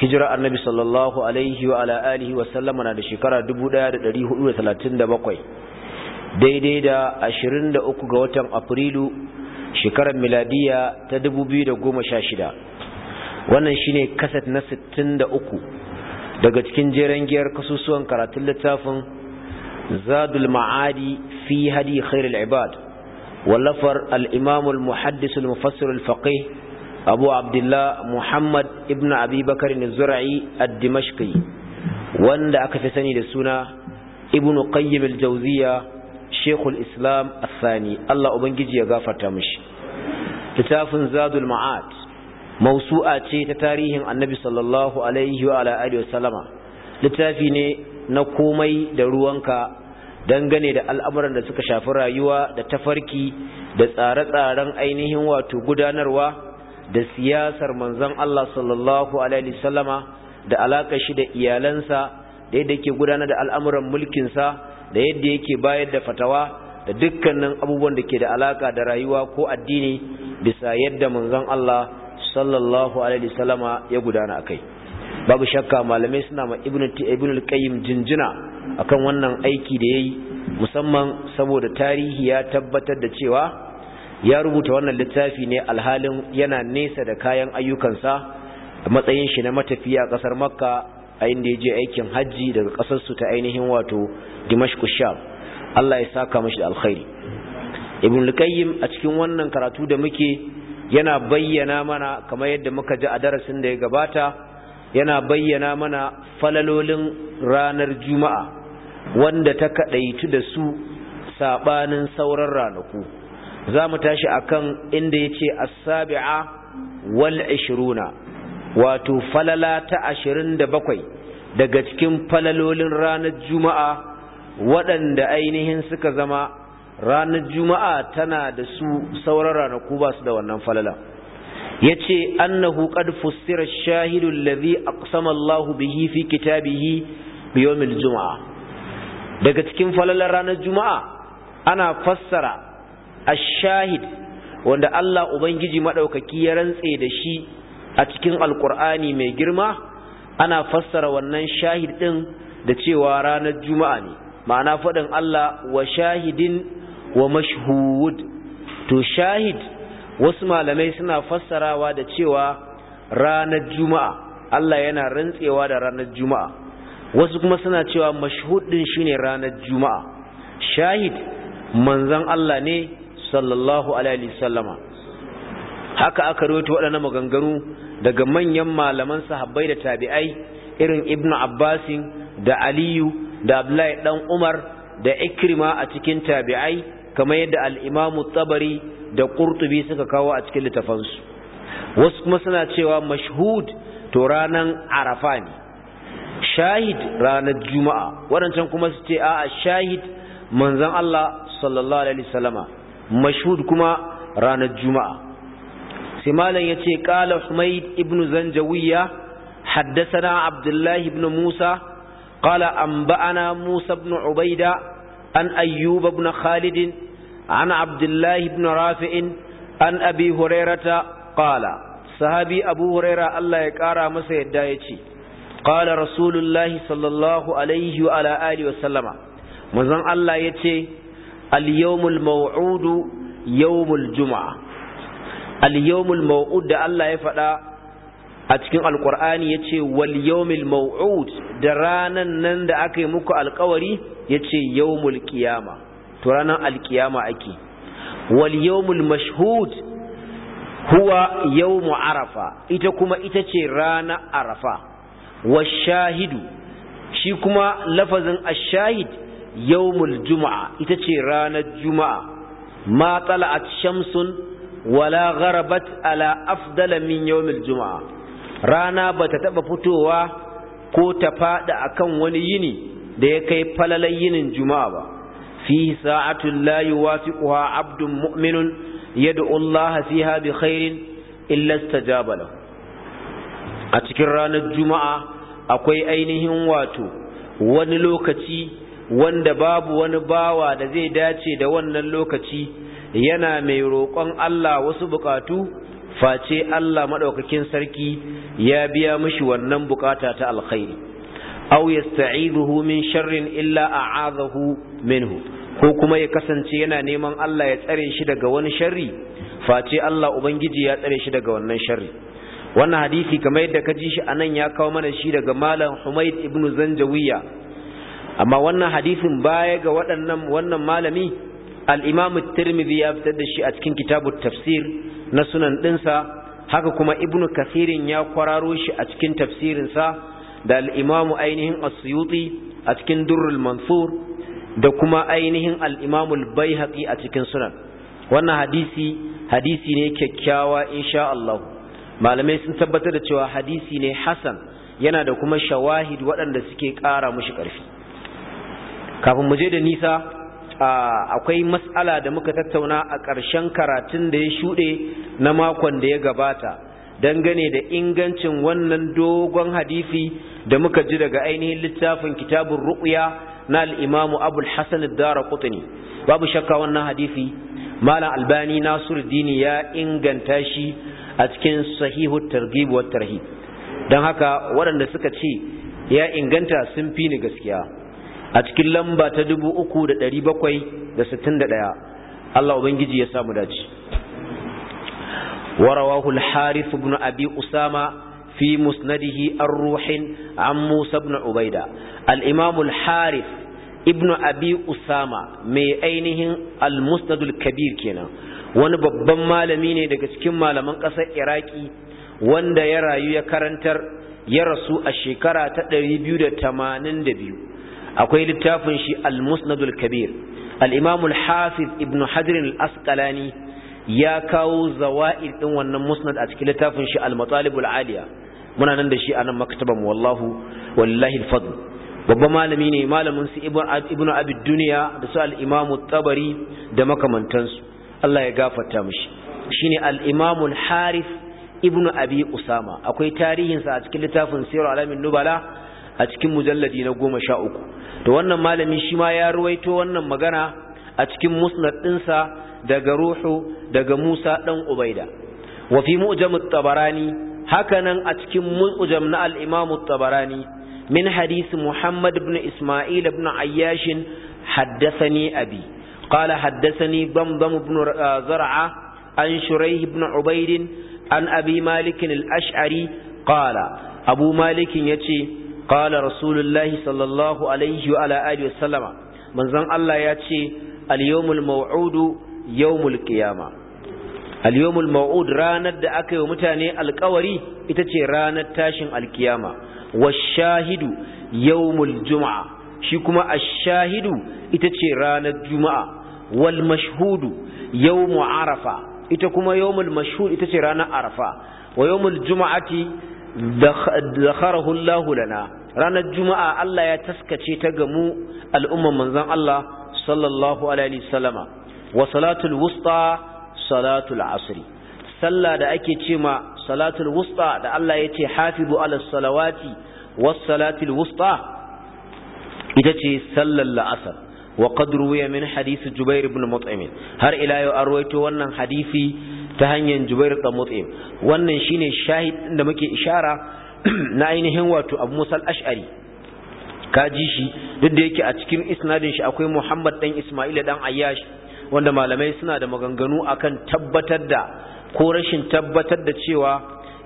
hijira annabi sallallahu alaihi wa ala alihi wa sallama na da shekara 1437 daidai da 23 ga watan afrilu shekarar miladiya ta 2016 wannan shine kaset na 63 daga cikin jeren giyar kasusuwan karatun littafin zadul ma'adi fi hadi khairul ibad wallafar al imamul muhaddisul mufassirul faqih abu abdullah muhammad ibn abubakar ne zura'i addimashki wanda aka fi sani da suna Ibnu qayyim al shekul islam asani allah ubangiji ya gafarta mashi littafin zadul ma'at mausu'a ce ta tarihin annabi sallallahu alaihi wa alihi littafi ne na komai da ruwanka dangane da al'amuran da suka shafi rayuwa da tafarki da tsare-tsaren ainihin wato gudanarwa da siyasar manzon Allah sallallahu alaihi wasallama da alaka shi da iyalansa da yadda yake gudanar da al'amuran mulkinsa da yadda yake bayar da fatawa da dukkanin abubuwan da ke da alaka da rayuwa ko addini bisa yadda manzon Allah sallallahu alaihi wasallama ya gudana a kai. babu shakka malamai suna ma ibnu al-qayyim jinjina akan wannan aiki da yayi musamman saboda tarihi ya tabbatar da cewa ya rubuta wannan littafi ne alhalin yana nesa da kayan ayyukansa a matsayin shi na matafiya a ƙasar makka a inda ya je aikin hajji daga ƙasarsu ta ainihin wato dimashku sham allah ya saka mashi da alkhairi ibn lukayyim a cikin wannan karatu da muke yana bayyana mana kamar yadda muka ji a darasin da ya gabata yana bayyana mana falalolin ranar juma'a wanda ta kaɗaitu da su saɓanin sauran ranaku za mu tashi akan inda ya ce asabi'a wal ishiruna wato falala ta ashirin da bakwai daga cikin falalolin ranar juma'a waɗanda ainihin suka zama ranar juma'a tana da su sauran ranaku ba su da wannan falala ya ce annahu qad fussira shahidu allazi aqsama Allahu bihi fi kitabihi bi juma'a daga cikin falalar ranar juma'a ana fassara ash-shahid wanda Allah ubangiji madaukaki ya rantse da shi a cikin alqur'ani mai girma ana fassara wannan shahid din da cewa ranar juma'a ne ma'ana faɗin Allah wa shahidin wa mashhud to shahid wasu malamai suna fassarawa da cewa ranar juma'a Allah yana rantsewa da ranar juma'a wasu kuma suna cewa mashhud din shine ranar juma'a shahid manzon Allah ne sallallahu alaihi sallama haka aka rawaito waɗannan maganganu daga manyan malaman sahabbai da tabi'ai irin ibnu abbasin da aliyu da abdullahi dan umar da ikrima a cikin tabi'ai kamar yadda al-imamu tabari da qurtubi suka kawo a cikin littafansu wasu kuma suna cewa mashhud to ranan arafa ne shahid ranar juma'a waɗancan kuma su ce a'a shahid manzon Allah sallallahu alaihi wasallama mashhud kuma ranar juma'a sai malam yace qala humayd ibn zanjawiya Haddasana Abdullahi ibn musa qala anba'ana musa ibn ubaida an ayyub ibn khalid an abdullahi ibn rafi' an abi hurairata ƙala. sahabi abu huraira Allah ya ƙara masa yadda yace qala rasulullahi sallallahu alaihi wa ala alihi wa sallama manzon Allah yace al-yawmul maw'udu yawmul juma'a al-yawmul da Allah ya faɗa a cikin Alƙur'ani ya ce wal yawmil da ranan nan da aka yi muku alkawari ya ce yawmul kiyama to ranan alkiyama ake wal yawmul mashhud huwa yawmu arafa ita kuma ita ce rana arafa wa shahidu shi kuma lafazin ash-shahid yawmul juma'a ita ce ranar juma'a ma tala'at shamsun wala gharabat ala afdala min yawmil juma'a rana bata taɓa fitowa ko ta fada akan wani yini da ya kai falalan yinin juma'a ba fi sa'atun la yuwafiquha abdun mu'minun yad'u Allah fiha bi khairin illa istajaba a cikin ranar juma'a akwai ainihin wato wani lokaci wanda babu wani bawa da zai dace da wannan lokaci yana mai roƙon Allah wasu bukatu face Allah maɗaukakin sarki ya biya mishi wannan bukata ta alkhairi aw yasta'idhu min sharrin illa a'adahu minhu ko kuma ya kasance yana neman Allah ya tsare shi daga wani sharri face Allah ubangiji ya tsare shi daga wannan sharri wannan hadisi kamar yadda ka ji shi anan ya kawo mana shi daga malam Humaid ibn Zanjawiya amma wannan hadisin baya ga waɗannan wannan malami al-imam at ya fitar da shi a cikin kitabut tafsir na sunan dinsa haka kuma ibn kasirin ya kwararo shi a cikin tafsirinsa da al'imamu ainihin asuyuti a cikin durrul mansur da kuma ainihin al'imamul bai a cikin sunan wannan hadisi hadisi ne kyakkyawa insha Allah malamai sun tabbatar da cewa hadisi ne hasan yana da kuma shawahid waɗanda suke ƙara mushi ƙarfi kafin mu je da nisa akwai matsala da muka tattauna a ƙarshen karatun da ya shuɗe na makon da ya gabata dangane da ingancin wannan dogon hadisi da muka ji daga ainihin littafin kitabun ru'ya na al'imamu abul hassan dara Kutani. babu shakka wannan hadisi malam albani dini ya inganta shi a cikin sahihu targhib wa tarhib don haka waɗanda suka ce ya inganta sun fi ni gaskiya a cikin lamba ta dubu uku da ɗari bakwai da sittin da ɗaya Allah Ubangiji ya samu dace warawahu al-harith ibn abi usama في مسنده الروح عن موسى بن عبيدة الإمام الحارث ابن أبي أسامة مي أينه المسند الكبير كنا wani babban malami ne daga cikin malaman ƙasar iraki wanda ya rayu ya karantar ya rasu a shekara ta 282 akwai littafin shi al-musnadul kabir al-imam al-hafiz ibn hajar al-asqalani ya kawo zawa'ir din wannan musnad a cikin littafin shi al aliya muna nan da shi a nan maktaban wallahu wallahi al-fadl babban malami ne malamin su ibnu abi duniya da su al-imam tabari da makamantansu Allah ya gafarta mishi shine al-imam al-harith ibnu abi usama akwai tarihin sa a cikin littafin sirr alamin nubala a cikin mujalladi na goma sha uku to wannan malami shi ma ya ruwaito wannan magana a cikin musnad ɗinsa daga ruhu daga musa ɗan ubaida wa fi mu'jamut tabarani hakanan a cikin mu'jam na al-imamu tabarani min hadisi muhammad ibn isma'il ibn ayyashin haddathani abi قال حدثني بمضم بن زرعة عن شريح بن عبيد عن أبي مالك الأشعري قال أبو مالك يتي qala rasulullahi sallallahu alaihi wa ala alihi wasallama manzon Allah ya ce al-yawmul maw'udu yawmul qiyama al-yawmul maw'ud ranar da aka yi wa mutane alkawari ita ce ranar tashin alkiyama washahidu yawmul juma'a shi kuma ash-shahidu ita ce ranar juma'a wal mashhudu yawmu arafa ita kuma yawmul mashhud ita ce ranar arafa wa yawmul juma'ati zakharahu Allah lana ranar juma'a Allah ya taskace ta ga mu al'umman manzon Allah sallallahu alaihi wasallama wa salatul wusta salatul asri sallah da ake ce ma salatul wusta da Allah ya ce hafizu ala salawati was salatul wusta ita ce sallar la'asar wa qad ruwiya min hadith Jubair ibn Mut'im har ila yau an rawaito wannan hadisi ta hanyar Jubair da Mut'im wannan shine shahid da muke ishara na ainihin wato Abu musal ashari. ashari kaji shi duk da yake a cikin isnadin shi akwai Muhammad dan Isma'il dan Ayyash wanda malamai suna da maganganu akan tabbatar da ko rashin tabbatar da cewa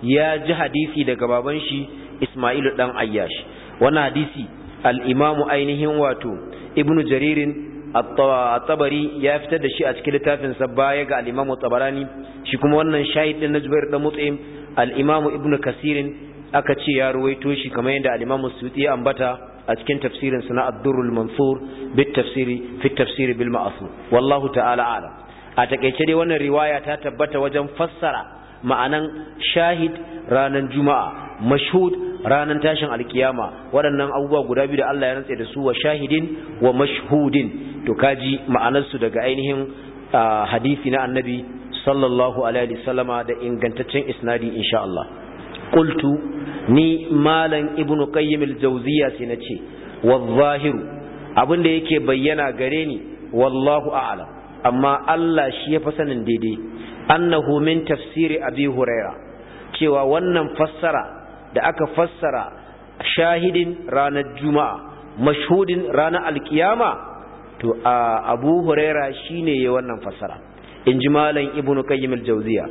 ya ji hadisi daga baban shi isma'ilu dan Ayyash wannan hadisi al imamu ainihin wato ibnu Jaririn at-tabari ya fitar da shi a cikin littafin sa baya ga al-imamu tabarani shi kuma wannan shahid din na jubair dan mut'im al-imamu ibnu kasirin aka ce ya ruwaito shi kamar yadda al-imamu suyuti ambata a cikin tafsirin sa na ad-durrul mansur bit tafsiri fi tafsiri bil ma'sur wallahu ta'ala a'lam a takeice dai wannan riwaya ta tabbata wajen fassara ma'anan shahid ranan juma'a mashhud ranar tashin alkiyama waɗannan abubuwa guda biyu da Allah ya rantse da su wa shahidin wa mashhudin to kaji ma'anarsu daga ainihin hadisi na annabi sallallahu alaihi wasallama da ingantaccen isnadi insha Allah qultu ni malam ibnu qayyim al-jawziya sai nace wadh-zahiru da yake bayyana gare ni wallahu a'lam amma Allah shi ya fa sanin daidai annahu min tafsiri abi huraira cewa wannan fassara da aka fassara shahidin ranar juma'a mashhudin ranar alkiyama to abu huraira shine ya wannan fassara in ji malam ibnu qayyim al-jawziya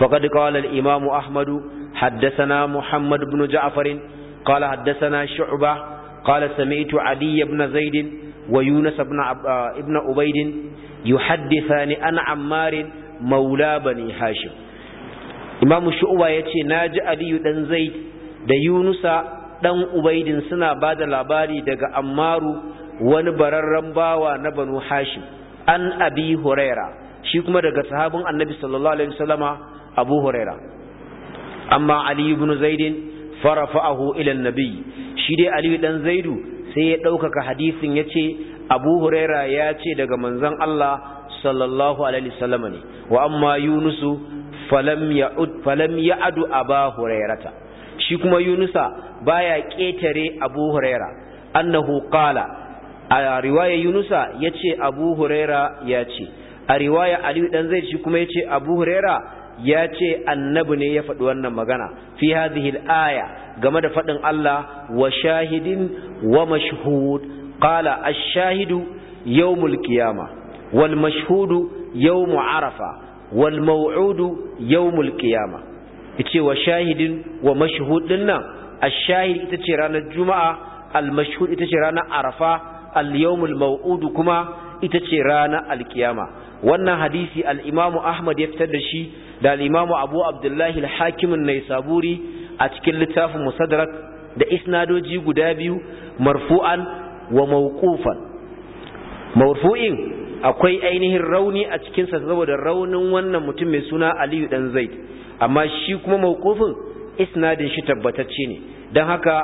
faqad qala al-imam ahmad haddathana muhammad ibn ja'far qala haddathana shu'bah qala sami'tu ali ibn zaid wa yunus ibn ah, ibn ubayd yuhaddithani an ammar maula bani hashim imam shu'ba yace naji ali dan zaid da yunusa ɗan ubaidin suna ba da labari daga ammaru wani bararren bawa na banu hashim an abi huraira shi kuma daga sahabin annabi sallallahu alaihi wasallama abu huraira amma ali ibn zaidin farafa'ahu ila nabi shi dai ali dan zaidu sai ya ɗaukaka hadisin yace abu huraira ya ce daga manzon Allah sallallahu alaihi wasallama ne wa amma yunusu falam ya'ud falam ya'adu aba hurairata shi kuma yunusa baya ƙetare abu huraira annahu qala a riwaya yunusa ya ce abu huraira ya ce a riwaya aliyu dan zai shi kuma ya ce abu huraira ya ce annabi ne ya faɗi wannan magana fi hadhihi aya game da faɗin Allah wa shahidin wa mashhud qala ash-shahidu yawmul qiyamah wal mashhudu yawmu arafa wal maw'udu yawmul qiyamah yace wa shahidin wa mashhudin nan ash-shahid ita ce ranar juma'a al-mashhud ita ce ranar arafa al-yawmul maw'ud kuma ita ce ranar al-kiyama wannan hadisi al-imamu ahmad ya fitar da shi da al-imamu abu abdullahi al-hakim an-naisaburi a cikin littafin musaddarak da isnadoji guda biyu marfu'an wa mawqufan marfu'in akwai ainihin rauni a cikin sa saboda raunin wannan mutum mai suna aliyu dan zaid amma shi kuma mawqufin isnadin shi tabbatacce ne dan haka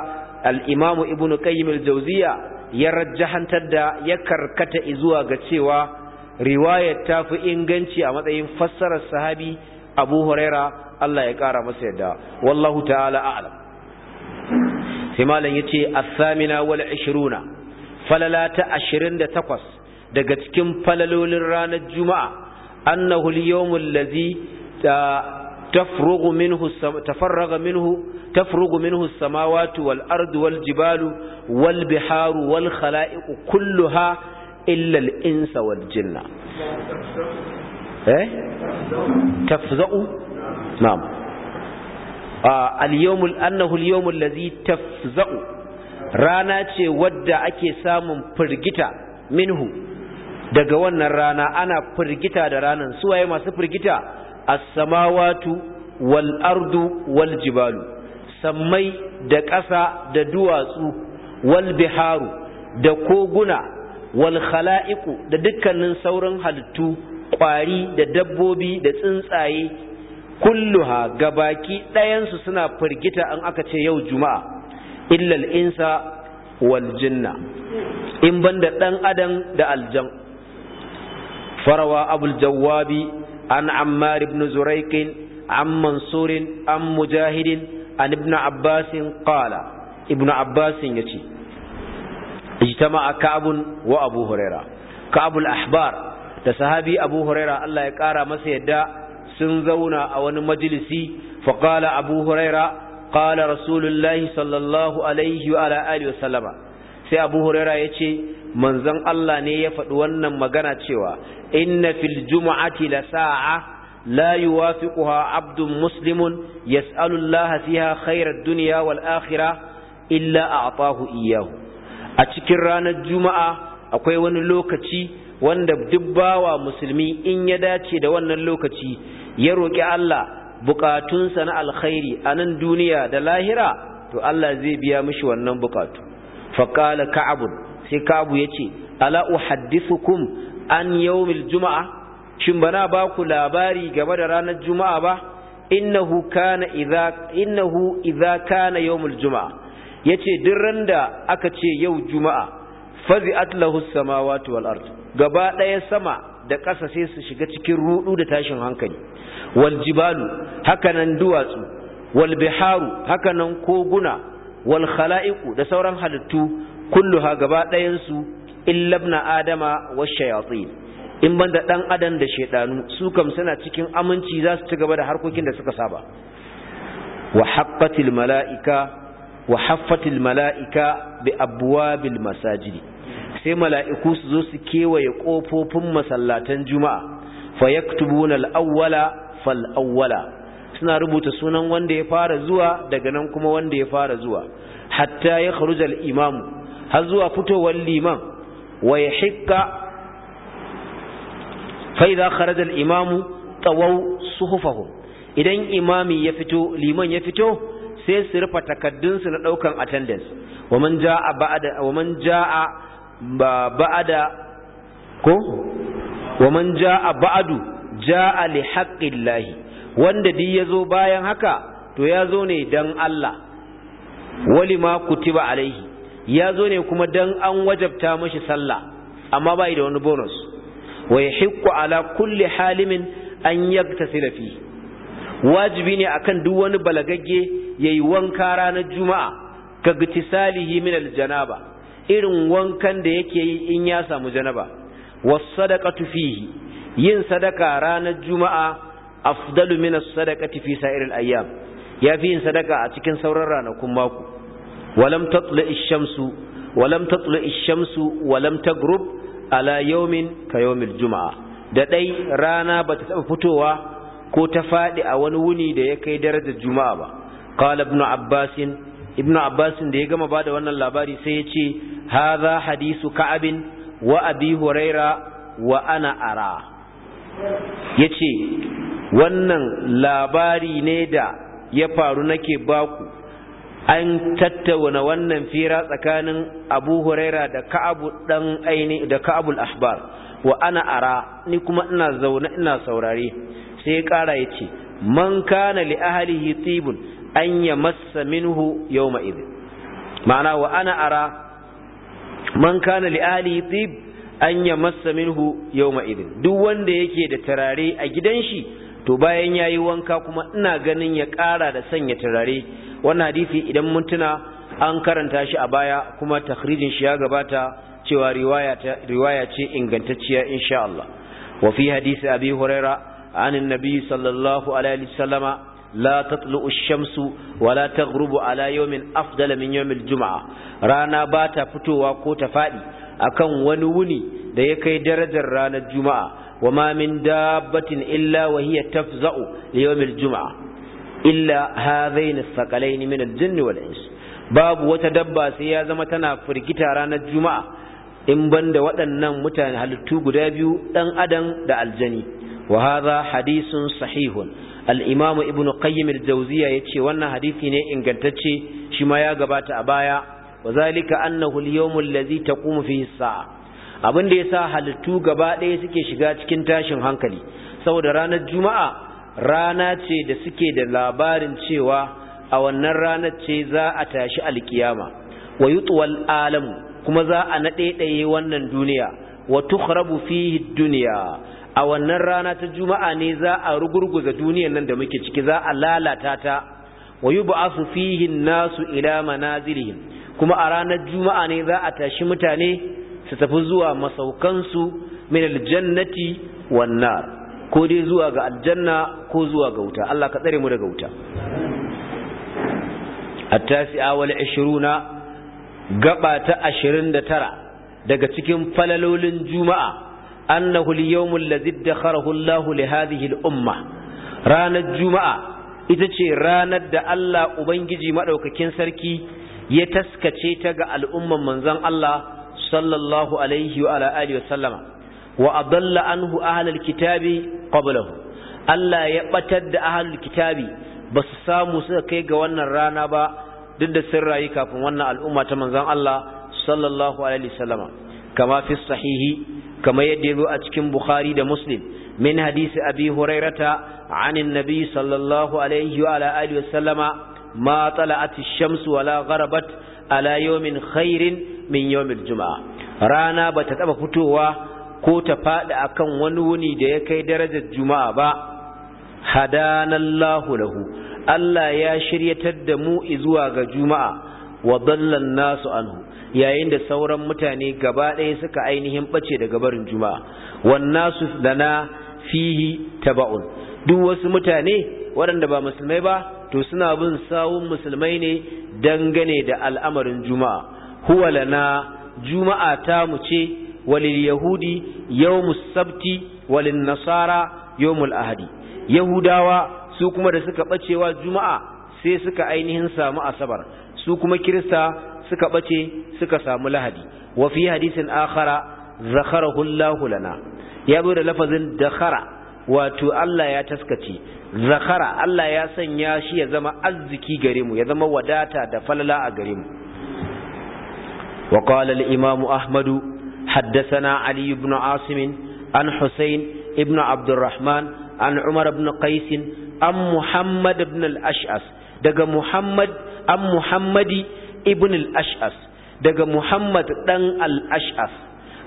al-imam ibnu qayyim al-jawziya ya rajjahantar da ya karkata zuwa ga cewa riwayar ta fi inganci a matsayin fassarar sahabi abu huraira Allah ya kara masa yadda wallahu ta'ala a'lam sai malam yace as-samina wal 20 falala ta 28 daga cikin falalolin ranar juma'a annahu al yawm da. تفرغ منه السم... تفرغ منه تفرغ منه السماوات والأرض والجبال والبحار والخلائق كلها إلا الإنس والجن إيه؟ تفزأ نعم اليوم أنه اليوم الذي تفزأ رانا تي wadda ake samun firgita منه daga wannan rana ana firgita da ranan suwaye masu firgita as-samawatu wal ardu wal jibalu sammai da ƙasa da duwatsu wal biharu da koguna wal khala'iqu da dukkanin sauran halittu ƙwari da dabbobi da tsuntsaye kulluha gabaki ɗayansu suna firgita an aka ce yau juma'a illal insa wal jinna in banda dan adam da aljan farawa abul jawabi an ammar ibn zuraiq an mansur an mujahid an ibn abbas qala ibn abbas yace ijtama'a ka'ab wa abu huraira ka'ab al-ahbar da sahabi abu huraira Allah ya ƙara masa yadda sun zauna a wani majalisi fa qala abu huraira qala rasulullahi sallallahu alaihi wa sallama sai abu huraira ya ce manzon Allah ne ya faɗi wannan magana cewa inna fil juma'ati la sa'a la yuwafiquha abdun muslimun yas'alu Allah fiha khairar dunya wal akhirah illa a'tahu iyyahu a cikin ranar juma'a akwai wani lokaci wanda duk bawa musulmi in ya dace da wannan lokaci ya roƙi Allah bukatunsa na alkhairi a nan duniya da lahira to Allah zai biya mishi wannan bukatu faƙala ka'abun sai kabu ya ce ala uhaddithukum an yaumil juma'a shin bana baku labari game da ranar juma'a ba innahu kana idza innahu kana yaumil juma'a yace duk ran da aka ce yau juma'a fazi'at lahu samawati wal ard gaba ɗaya sama da ƙasa sai su shiga cikin rudu da tashin hankali wal jibalu hakanan duwatsu wal biharu hakanan koguna wal da sauran halittu kulluha gaba ɗayan su illa adama wa shayatin in banda dan adam da shedanu su kam suna cikin aminci za su ci gaba da harkokin da suka saba wa haqqatil mala'ika wa haffatil mala'ika bi abwabil masajidi sai mala'iku su zo su kewaye kofofin masallatan juma'a fa yaktubuna al-awwala fal awwala suna rubuta sunan wanda ya fara zuwa daga nan kuma wanda ya fara zuwa hatta ya kharuja al-imam har zuwa fitowar liman wa hikka fa idza kharaja al-imam tawau suhufahum idan imami ya fito liman ya fito sai su rufa takaddunsu na daukan attendance wa man jaa ba'da wa man jaa ba'da ko wa man jaa ba'du jaa li haqqillahi wanda duk ya zo bayan haka to ya zo ne dan Allah wali ma kutiba alaihi ya zo ne kuma dan an wajabta mashi sallah amma bai da wani bonus wa yahiqqu ala kulli halimin an yagtasila fi wajibi ne akan duk wani balagagge yayi wanka ranar juma'a ka salihi min aljanaba irin wankan da yake yi in ya samu janaba was sadaqatu fihi yin sadaka ranar juma'a afdalu min as-sadaqati fi ya ayyam yafi yin sadaka a cikin sauran ranakun mako walam tatlu ash-shamsu walam ash-shamsu walam tagrub ala yawmin ka yawmil juma'a da dai rana bata taba fitowa ko ta fadi a wani wuni da ya kai darajar juma'a ba qala ibn abbas abbas da ya gama bada wannan labari sai ya ce hadha hadisu ka'ab wa abi huraira wa ana ara ya ce wannan labari ne da ya faru nake baku an tattauna wannan fira tsakanin abu huraira da ka'abu dan aini da ka'abul ahbar wa ana ara ni kuma ina zaune ina saurare sai ya kara ya ce man kana li ahlihi tibun an massa minhu yawma idh ma'ana wa ana ara man kana li ahlihi tib an ya massa minhu yawma idin duk wanda yake da turare a gidan shi to bayan yayi wanka kuma ina ganin ya ƙara da sanya turare wannan hadisi idan mun tuna an karanta shi a baya kuma takhrijin shi ya gabata cewa riwaya riwaya ce ingantacciya insha Allah wa fi hadisi abi huraira an annabi sallallahu alaihi wasallama لا تطلع الشمس ولا تغرب على يوم أفضل من يوم الجمعة رانا باتا فتوى كوتا فادي akan wani wuni da ya kai darajar ranar juma'a wa ma min dabbatin illa wa hiya tafza'u li yawmil juma'a illa hadhain as min al-jinn wal ins babu wata dabba sai ya zama tana firgita ranar juma'a in banda waɗannan mutane halittu guda biyu dan adam da aljani wa hadha hadithun sahihun al-imam ibn qayyim al-jawziya yace wannan hadisi ne ingantacce shi ma ya gabata a baya Wazalika, Anna, annahu al-yawm allazi taqumu abin da ya sa halittu gaba ɗaya suke shiga cikin tashin hankali saboda ranar juma'a rana ce da suke da labarin cewa a wannan ranar ce za a tashi alkiyama wa yutwal alam kuma za a naɗaiɗaye wannan duniya wa tukhrabu fihi dunya a wannan rana ta juma'a ne za a rugurguza duniyar nan da muke ciki za a lalata ta wa yub'asu fihi nasu ila manazilihim kuma a ranar juma'a ne za a tashi mutane su tafi zuwa masaukansu min aljannati wan nar ko dai zuwa ga aljanna ko zuwa ga wuta Allah ka tsare mu daga wuta at-tasi'a wal 20 gaba ta 29 daga cikin falalolin juma'a annahu al yawmul ladhi dakharahu Allah li hadhihi al-umma ranar juma'a ita ce ranar da Allah ubangiji madaukakin sarki ya taskace ta ga al'umman manzon Allah sallallahu alaihi wa ala wa sallama wa adalla anhu ahlul kitabi qablahu Allah ya batar da ahlul kitabi ba su samu suka kai ga wannan rana ba duk da sun rayu kafin wannan al'umma ta manzan Allah sallallahu alaihi wa sallama kama fi sahihi kama yadda ya zo a cikin Bukhari da Muslim min hadisi Abi Hurairata anin Nabi sallallahu alaihi wa ala alihi wa sallama Matsala ati shamsu wala gharabat ala yawmin khairin min yawmil juma'a rana bata taɓa fitowa ko ta fada akan wani wuni da ya kai darajar juma'a ba hadanallahu lahu Allah ya shiryatar da mu zuwa ga juma'a wa dallan nasu anhu yayin da sauran mutane gaba ɗaya suka ainihin ɓace daga barin juma'a wannasu lana fihi taba'un duk wasu mutane waɗanda ba musulmai ba to suna bin sawun musulmai ne dangane da al'amarin juma'a huwa lana juma'a ta mu ce walil yahudi yawmus sabti walin nasara yawmul ahadi yahudawa su kuma da suka bacewa juma'a sai suka ainihin samu asabar su kuma kirista suka bace suka samu lahadi wa fi hadisin akhara zakarahu Allahu lana ya zo da lafazin dakhara wato Allah ya taskace zakara Allah ya sanya shi ya zama arziki gare mu ya zama wadata da falala a gare mu wa qala al-imam ahmad haddathana ali ibn asim an husayn ibn abdurrahman an umar ibn qais an muhammad ibn al-ash'as daga muhammad an muhammadi ibn al-ash'as daga muhammad dan al-ash'as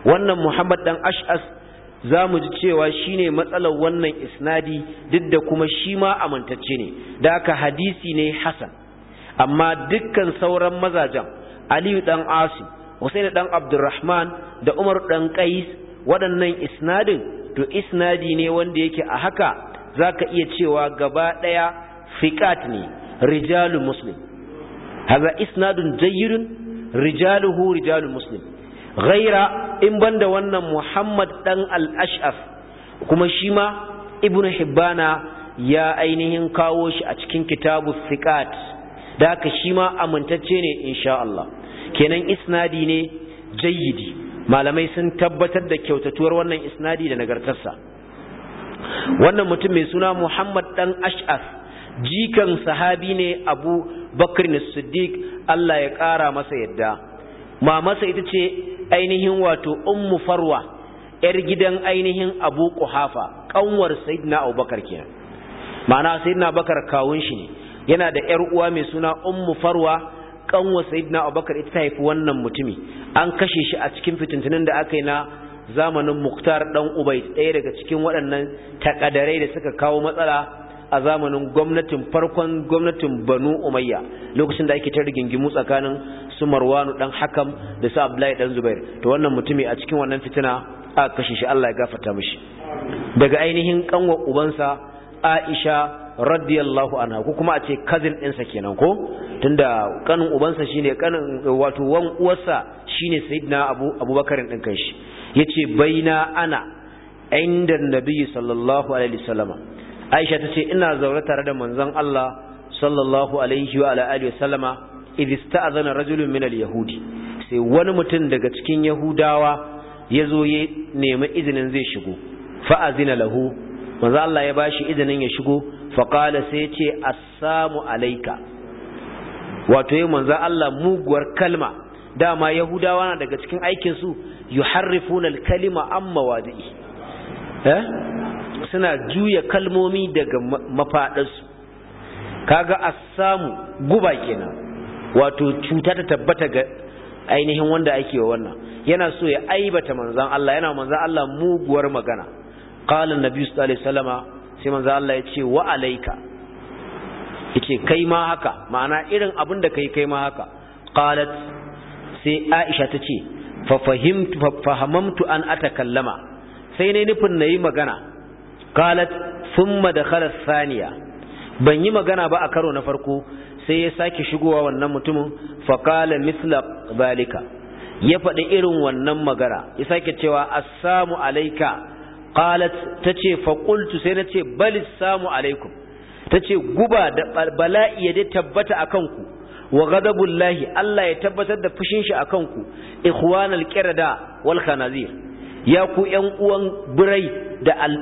wannan muhammad dan ash'as za mu ji cewa shi ne matsalar wannan isnadi duk da kuma shi ma amintacce ne da aka hadisi ne Hassan, amma dukkan sauran mazajen aliyu dan asim husaini ɗan abdurrahman da umar ɗan qais waɗannan isnadin to isnadi ne wanda yake a haka Za ka iya cewa gaba ɗaya fiqat ne rijalu muslim haza isnadun Rijalu rijaluhu rijalu muslim ghaira in banda wannan Muhammad dan al-Ash'af kuma shi ma Ibn Hibbana ya ainihin kawo shi a cikin kitabu Siqat da haka shi ma amintacce ne insha Allah kenan isnadi ne jayyidi malamai sun tabbatar da kyautatuwar wannan isnadi da nagartarsa wannan mutum mai suna Muhammad dan Ash'af jikan sahabi ne abu bakar siddiq Allah ya ƙara masa yadda mamarsa ita ce ainihin wato ummu farwa yar gidan ainihin abu kuhafa kanwar sayyidina abubakar kenan ma'ana sayyidina abubakar kawun shi ne yana da yar uwa mai suna ummu farwa kanwar sayyidina abubakar ita ta haifi wannan mutumi an kashe shi a cikin fitintunin da aka yi na zamanin muktar dan ubai ɗaya daga cikin waɗannan takadarai da suka kawo matsala a zamanin gwamnatin farkon gwamnatin banu umayya lokacin da ake ta rigingimu tsakanin su marwanu dan hakam da su abdullahi dan zubair to wannan mutumi a cikin wannan fitina a kashe shi Allah ya gafarta mishi daga ainihin kanwa ubansa Aisha radiyallahu anha ko kuma a ce cousin ɗinsa kenan ko tunda kanin ubansa shine kanin wato wan uwarsa shine sayyidina Abu Abubakar din kan shi yace baina ana inda nabi sallallahu alaihi wasallama Aisha tace ina zaure tare da manzon Allah sallallahu alaihi wa alihi wasallama idista azana rajulun minal yahudi sai wani mutum daga cikin yahudawa ya zo ya nemi izinin zai shigo fa'azina lahu maza Allah ya bashi izinin ya shigo faƙala sai ya ce samu alaika wato yi manzo Allah muguwar kalma dama yahudawa na daga cikin aikinsu yuharrifuna al-kalima an mawadi'i suna juya kalmomi daga mafaɗarsu kaga samu guba kenan wato cuta ta tabbata ga ainihin wanda ake wa wannan yana so ya aibata manzan Allah yana manzan Allah muguwar magana qala annabi sallallahu sai manzan Allah ya ce wa alaika yace kai ma haka ma'ana irin abin da kai kai ma haka qalat sai Aisha ta ce fa fahimtu fahamamtu an atakallama sai ne nufin nayi magana qalat thumma dakhala thaniya ban yi magana ba a karo na farko sai ya sake shigowa wannan mutumin faƙala misla zalika ya faɗi irin wannan magara. ya sake cewa assamu alaika qalat tace faƙultu sai nace bal samu alaikum tace guba da bala'i ya dai tabbata akan ku wa ghadabullahi Allah ya tabbatar da fushin shi akan ku ikhwanal qirada wal khanazir ya ku yan uwan birai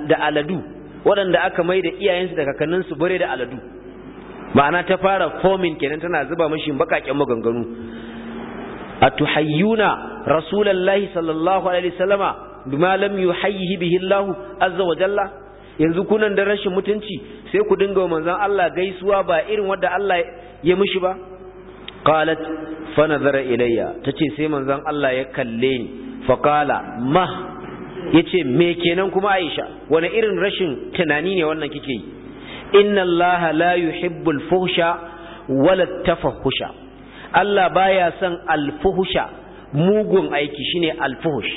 da aladu waɗanda aka mai da iyayensu da kakanninsu birai da aladu ma'ana ta fara fomin kenan tana zuba mashi bakaken maganganu a tuhayyuna rasulallahi sallallahu alaihi wasallama bima lam yuhayyihi bihi Allah azza wa jalla yanzu kunan da rashin mutunci sai ku dinga manzon Allah gaisuwa ba irin wanda Allah ya mishi ba qalat fa nazara ilayya tace sai manzon Allah ya kalle ni fa qala ma yace me kenan kuma Aisha wani irin rashin tunani ne wannan kike yi inna allaha la yuhibbul fuhsha wala tafahusha Allah baya son alfuhusha mugun aiki shine alfuhush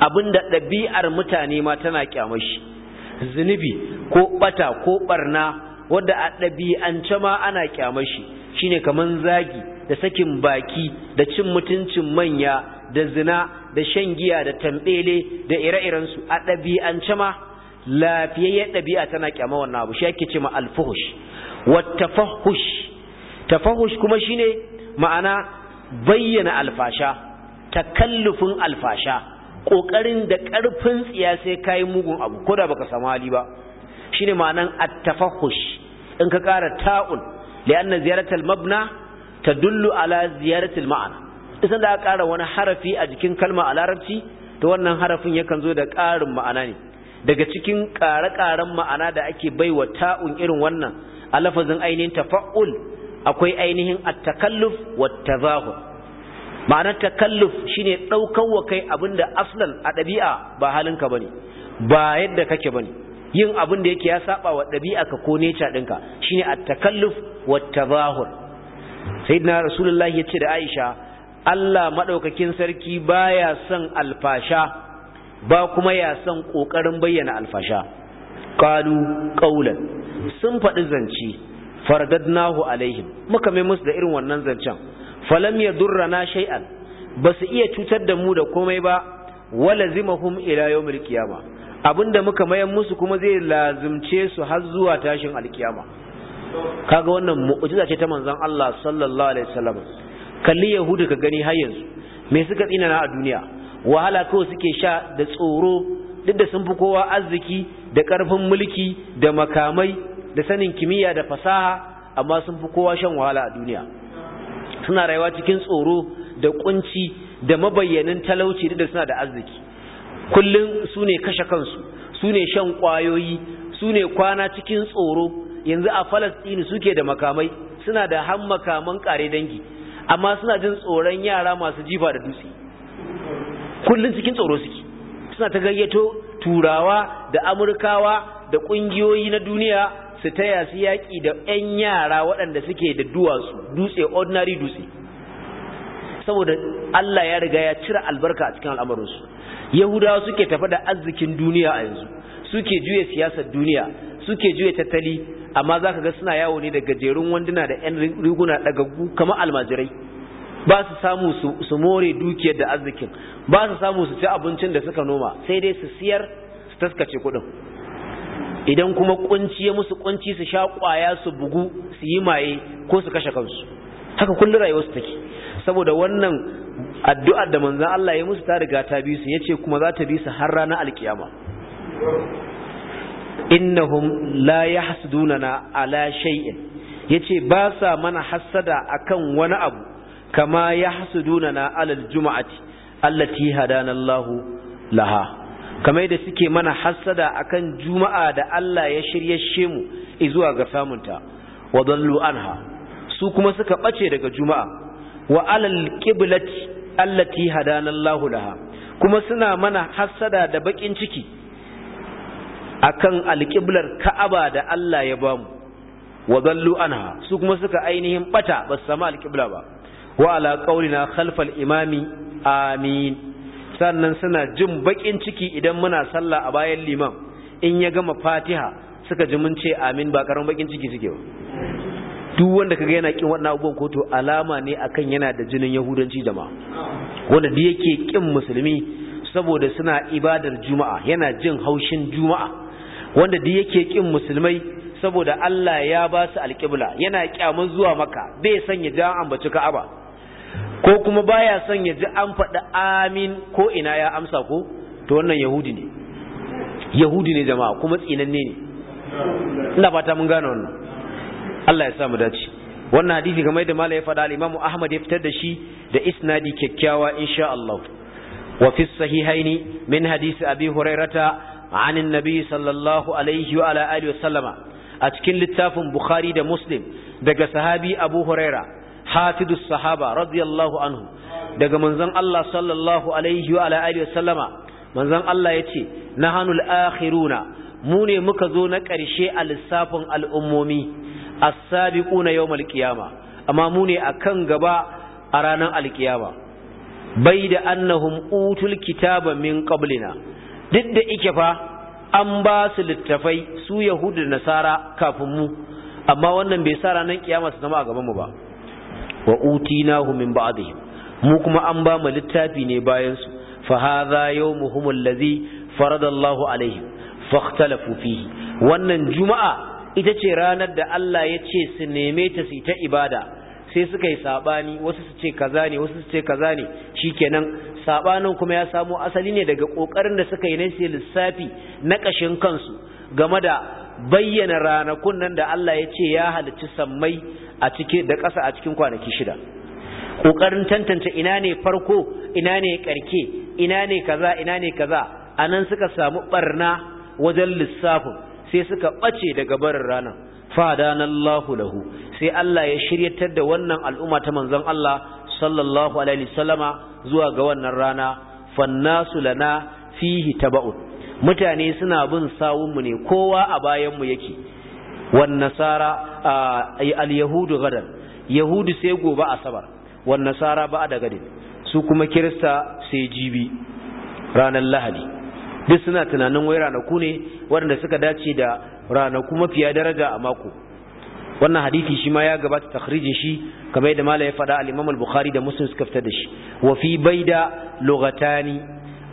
abinda ɗabi'ar mutane ma tana kyamashi zunubi ko ɓata ko ɓarna, wadda a ɗabi'ance ma ana kyamashi shine kamar zagi da sakin baki da cin mutuncin manya da zina da shan giya da tambele da ire-irensu a ɗabi'ance ma lafiyayyen ɗabi'a tana kyama wannan abu shi ake ce ma alfuhush wa tafahush tafahush kuma shine ma'ana bayyana alfasha takallufin alfasha ƙoƙarin da ƙarfin tsiya sai kayi mugun abu ko da baka samu hali ba shine ma'anan at-tafahush in ka ƙara ta'un li'anna ziyaratul mabna tadullu ala ziyaratul ma'ana idan da aka kara wani harafi a jikin kalma a larabci to wannan harafin yakan zo da ƙarin ma'ana ne daga cikin ƙare-ƙaren ma'ana da ake baiwa ta'un irin wannan a lafazin ainihin tafa'ul akwai ainihin at-takalluf wa tazahur ma'anar takalluf shine ɗaukan wa kai abin da aslan a ɗabi'a ba halinka bane ba yadda kake bane yin abin da yake ya saba wa ɗabi'a ka ko neca ɗinka shine at-takalluf wa tazahur sayyidina rasulullahi ya ce da Aisha Allah maɗaukakin sarki baya son alfasha ba kuma ya san ƙoƙarin bayyana alfasha Kalu ƙaulan sun faɗi zance fardadnahu alaihim muka mai musu da irin wannan zancen falam ya durrana shay'an ba su iya cutar da mu da komai ba wala zimahum ila yawmil qiyama abinda muka mayan musu kuma zai lazimce su har zuwa tashin alkiyama kaga wannan mu'jiza ce ta manzon Allah sallallahu alaihi wasallam kalli yahudu ka gani har yanzu me suka tsina na a duniya wahala kawai suke sha da tsoro duk da sun fi kowa arziki da ƙarfin mulki da makamai da sanin kimiyya da fasaha amma sun fi kowa shan wahala a duniya suna rayuwa cikin tsoro da kunci da mabayyanin talauci duk da suna da arziki kullum su ne kashe kansu su ne shan ƙwayoyi su ne kwana cikin tsoro yanzu a falastini suke da makamai suna da han makaman kare dangi amma suna jin tsoron yara masu jifa da dutse Kullum cikin tsoro suke suna ta gayyato turawa da amurkawa da ƙungiyoyi na duniya su taya su yaƙi da 'yan yara waɗanda suke da duwatsu dutse ordinary dutse saboda Allah ya riga ya cire albarka a cikin al'amarinsu yahudawa suke tafi da arzikin duniya a yanzu suke juya siyasar duniya suke juya tattali amma za ka ga suna yawo ne da gajerun wanduna da 'yan riguna ɗagaggu kamar almajirai ba su samu su more dukiyar da arzikin ba su samu su ci abincin da suka noma sai dai su siyar su taskace kuɗin idan kuma kunci ya musu kunci su sha kwaya su bugu su yi maye ko su kashe kansu haka kullum rayuwar su take saboda wannan addu'a da manzon Allah ya musu ta riga ta bi su yace kuma za ta bi su har ranar alkiyama innahum la yahsuduna ala shay'in yace ba sa mana hassada akan wani abu kama yahsuduna na alal juma'ati allati hadana Allah laha kamar da suke mana hassada akan juma'a da Allah ya shiryashe mu zuwa ga samunta wa dallu anha su kuma suka bace daga juma'a wa alal qiblati allati hadana Allah laha kuma suna mana hassada da baƙin ciki akan alƙiblar Ka'aba da Allah ya bamu wa dallu anha su kuma suka ainihin ɓata ba su samu alƙibla ba wa ala qaulina khalfal imami amin sannan suna jin baƙin ciki idan muna sallah a bayan liman in ya gama fatiha suka ji mun ce amin ba karamin bakin ciki suke ba duk wanda kaga yana kin wannan abubuwan ko to alama ne akan yana da jinin yahudanci jama'a wanda da yake kin musulmi saboda suna ibadar juma'a yana jin haushin juma'a wanda da yake kin musulmai saboda Allah ya ba su alƙibla yana kyamun zuwa maka bai sanya ja ambaci ka'aba ko kuma baya son ya ji an faɗi amin ko ina ya amsa ko to wannan yahudi ne yahudi ne jama'a kuma tsinanne ne ina fata mun gane wannan Allah ya sa mu dace wannan hadisi kamar da malai ya faɗa al-Imam Ahmad ya fitar da shi da isnadi kyakkyawa insha Allah wa fi sahihaini min hadisi Abi Hurairata عن النبي صلى الله عليه وعلى آله وسلم a cikin littafin Bukhari da Muslim daga sahabi Abu Huraira hatidus sahaba radiyallahu anhu daga manzon Allah sallallahu alaihi wa alihi wasallama manzon Allah yace nahanul akhiruna mu ne muka zo na ƙarshe a lissafin al'ummomi as-sabiquna yawmal qiyama amma mu ne akan gaba a ranar alkiyama bai da annahum utul kitaba min qablina duk da ike fa an ba su littafai su yahudu da nasara kafin mu amma wannan bai sa ranar kiyama su zama a gaban mu ba wa utinahu min ba'dihim mu kuma an ba mu littafi ne bayan su fa hadha yawmuhum allazi faradallahu alaihim fakhtalafu fihi wannan juma'a ita ce ranar da Allah ya ce su neme ta su ta ibada sai suka yi sabani wasu su ce kaza ne wasu su ce kaza ne shikenan sabanin kuma ya samo asali ne daga kokarin da suka yi na lissafi na kashin kansu game da bayyana ranakun nan da Allah ya ce ya halicci sammai a cike da ƙasa a cikin kwanaki shida ƙoƙarin tantance ina ne farko ina ne ƙarke ina ne kaza ina ne kaza a nan suka samu ɓarna wajen lissafin sai suka ɓace daga barin ranar fadana Allahu lahu sai Allah ya shiryatar da wannan al'umma ta manzon Allah sallallahu alaihi wasallama zuwa ga wannan rana fannasu lana fihi taba'un mutane suna bin sawunmu ne kowa a bayanmu yake wan nasara al yahudu gadan yahudu sai gobe asabar wan nasara ba da gadin su kuma kirista sai jibi ranar lahadi duk suna tunanin wai ranaku ne waɗanda suka dace da ranaku mafiya daraja a mako wannan hadisi shi ma ya gabata takhrijin shi kamar yadda malai ya faɗa al-Imam al-Bukhari da Muslim suka fitar da shi wa fi baida lughatani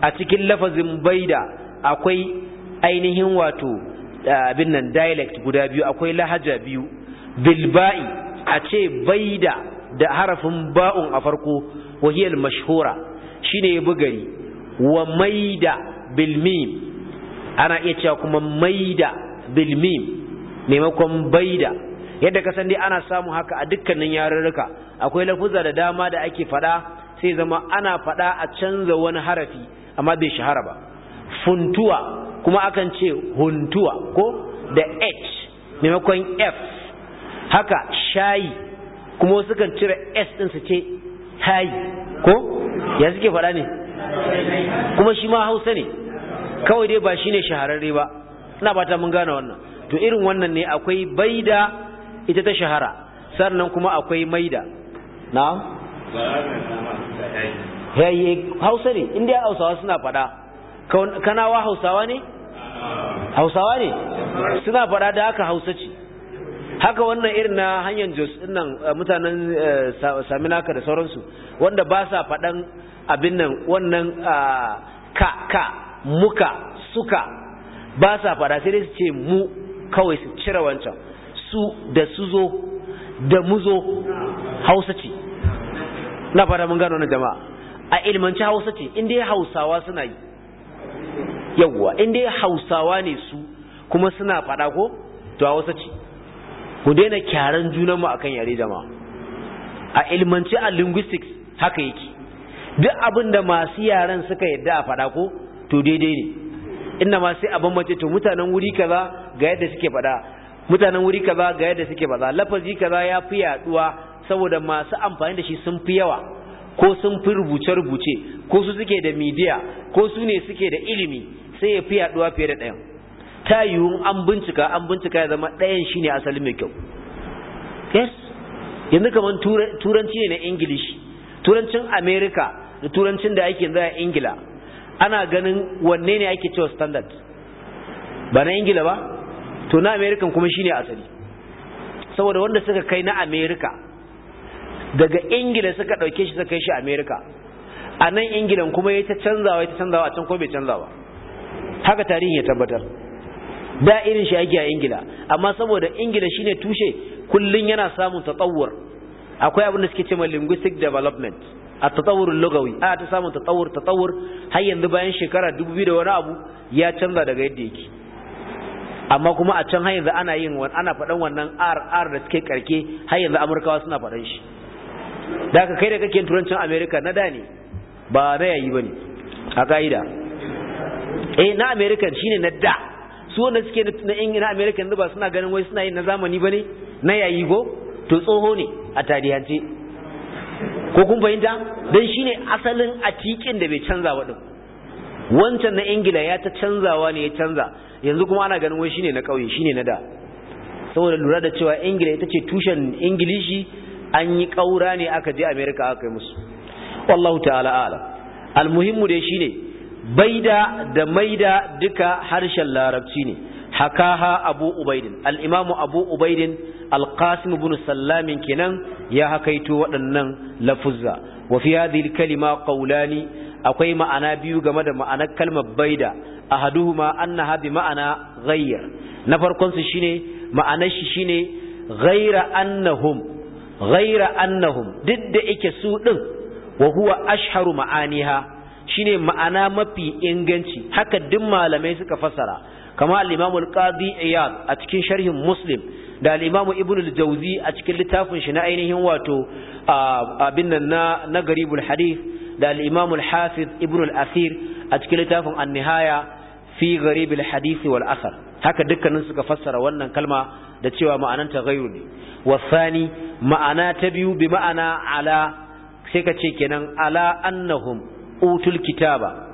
a cikin lafazin baida akwai ainihin wato eh, abin nan dialect guda biyu akwai lahaja biyu bilba'i a ce baida da harafin ba'un a farko wahiyar mashhura shine ya bugari wa maida bilmim ana iya cewa kuma maida bilmim maimakon baida yadda ka san dai ana samu haka a dukkanin yarurruka akwai lafuza da dama da ake fada sai zama ana fada a canza wani harafi amma bai shahara ba funtuwa kuma akan ce huntuwa ko da h maimakon f haka shayi kuma wasu kan cire s din su ce hayi ko ya suke faɗa ne kuma shi ma hausa ne kawai dai ba shi ne shahararre ba ina bata mun gane wannan to irin wannan ne akwai baida ita ta shahara sannan kuma akwai maida na? hausa ne inda hausawa suna faɗa kanawa hausawa ne hausawa ne suna faɗa da haka hausa ce haka wannan irin na hanyar jos nan eh, mutanen eh, saminaka da sauransu wanda ba sa faɗan abin nan wannan ah, ka ka muka suka ba sa faɗa sai dai su ce mu kawai su cire wancan su da su zo da mu zo hausa ce na fara mun gano na jama'a a ilmanci hausa ce inda hausawa suna yi yawwa in dai hausawa ne su kuma suna faɗa ko to a wasa ce ku daina kyaran junan mu akan yare jama'a a ilmance a linguistics haka yake duk abin da masu yaren suka yadda a faɗa ko to daidai ne inda ma sai a bambance to mutanen wuri kaza ga yadda suke faɗa mutanen wuri kaza ga yadda suke faɗa lafazi kaza ya fi yaduwa saboda masu amfani da shi sun fi yawa ko sun fi rubuce-rubuce ko su suke da midiya ko su ne suke da ilimi sai ya fi yaduwa fiye da ɗayan ta yiwu an bincika an bincika ya zama ɗayan shine asali mai kyau yes yanzu kamar turanci ne na ingilishi turancin america da turancin da ake yanzu a ingila ana ganin wanne ne ake cewa standard ba na ingila ba to na american kuma shine asali saboda wanda suka kai na america daga ingila suka ɗauke shi suka kai shi america a nan ingilan kuma ya ta canzawa ya ta canzawa a can ko bai canzawa haka tarihi ya tabbatar da irin shi ake a ingila amma saboda ingila shine tushe kullun yana samun tatawur akwai abin da suke cewa linguistic development a tatawur lugawi a ta samun tatawur tatawur har yanzu bayan shekara 2000 da wani abu ya canza daga yadda yake amma kuma a can har yanzu ana yin ana faɗan wannan RR da suke karke har yanzu amurkawa suna faɗan shi da ka kai da kake turancin america na da ne ba na yayi ne a ka'ida eh na american shine na da su wanda suke na yan na american ba suna ganin wai suna yin na zamani bane na yayi go to tsoho ne a tarihance ko kun fahimta dan shine asalin atikin da bai canza ba din wancan na ingila ya ta canzawa ne ya canza yanzu kuma ana ganin wai shine na kauye shine na da saboda lura da cewa ingila ita ce tushen ingilishi an yi kaura ne aka je america aka yi musu wallahu ta'ala alam almuhimmu dai shine baida da maida duka harshen larabci ne hakaha abu ubaidin al'imamu abu ubaidin alƙasim ibn sallamin kenan ya hakaito waɗannan lafuzza wa fi hadhihi kalima qawlani akwai ma'ana biyu game da ma'anar kalmar baida ahaduhuma annaha bi ma'ana ghayyar na farkon su shine ma'anar shi shine ghaira annahum ghaira annahum duk da yake su din wa huwa ashharu ma'aniha shine ma'ana mafi inganci haka duk malamai suka fassara kama al-imamu al-qadi iyad a cikin sharhin muslim da al-imamu ibnu al-jawzi a cikin littafin shi na ainihin wato abin nan na na garibul hadith da al-imamu al-hafiz ibnu al-athir a cikin littafin an-nihaya fi garibul hadith wal asar haka dukkanin suka fassara wannan kalma da cewa ma'ananta ghairu ne wasani ma'ana ta biyu bi ma'ana ala sai ka ce kenan ala annahum utul kitaba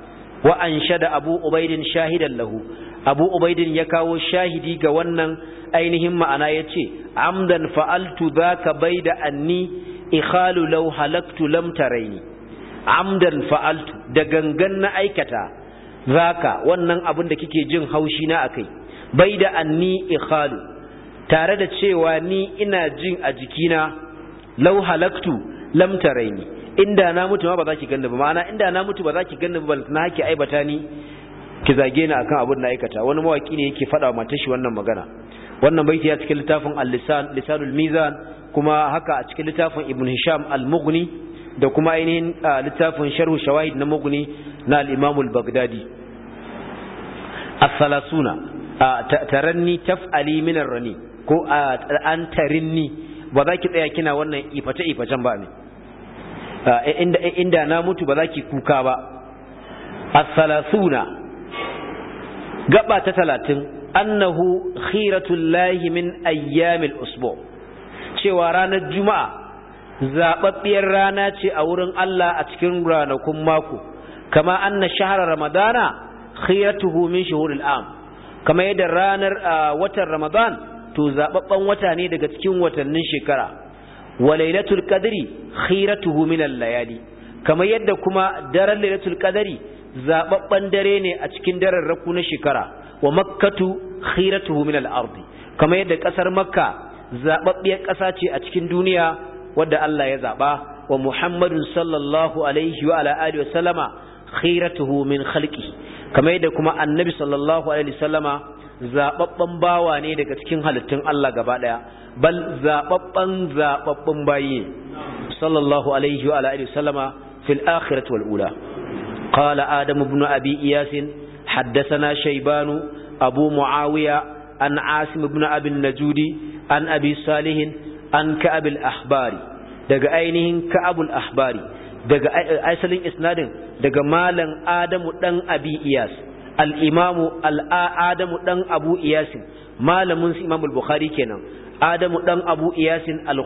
wa anshada abu ubaidin shahidan lahu abu ubaidin ya kawo shahidi ga wannan ainihin ma'ana yace amdan fa'altu bai baida anni ikhalu law halaktu lam taraini amdan fa'altu da gangan na aikata zaka wannan abin da kike jin haushi na akai da anni ikhalu tare da cewa ni ina jin a jikina law halaktu lam taraini inda na mutu ma ba za ki ganni ba ma'ana inda na mutu ba za ki ganni ba na ki aibata ni ki zage ni akan abin da aikata wani mawaki ne yake faɗa mata shi wannan magana wannan baiti ya cikin littafin al-lisan lisanul mizan kuma haka a cikin littafin ibn hisham al-mughni da kuma ainihin littafin sharh shawahid na mughni na al-imam al-baghdadi as-salasuna taranni taf'ali min ar-rani ko an tarinni ba za ki tsaya kina wannan ifata ifacen ba ne Ah, eh, eh, inda na mutu ba za ki kuka ba asalasuna gaba ta talatin annahu lahi min ayyamil usbu cewa ranar juma'a zababbiyar rana ce a wurin Allah a cikin ranakun mako kama anna shahara ramadana khiratuhu min shuhuril am kama yadda ranar ah, watan ramadan to zababban wata ne daga cikin watannin shekara wa lailatul qadri khiratuhu min al-layali kamar yadda kuma daren lailatul qadri zababban dare ne a cikin daren raku na shekara wa makkatu khiratuhu min al-ard kamar yadda kasar makka zababbiyar kasa ce a cikin duniya wadda Allah ya zaba wa muhammadun sallallahu alaihi wa ala alihi wa sallama khiratuhu min khalqi kamar yadda kuma annabi sallallahu alaihi wa sallama zababban bawa ne daga cikin halittun Allah gaba ɗaya bal zababban zababban bayi sallallahu alaihi wa alihi sallama fil akhirat wal ula qala adam ibn abi iyas haddathana shayban abu muawiya an asim ibn abi najudi an abi salih an ka'ab al ahbari daga ainihin ka'ab al ahbari daga asalin isnadin daga malam adamu dan abi iyas al-imamu al-adamu dan abu iyasin malamin su imam al-bukhari kenan adamu dan abu iyasin al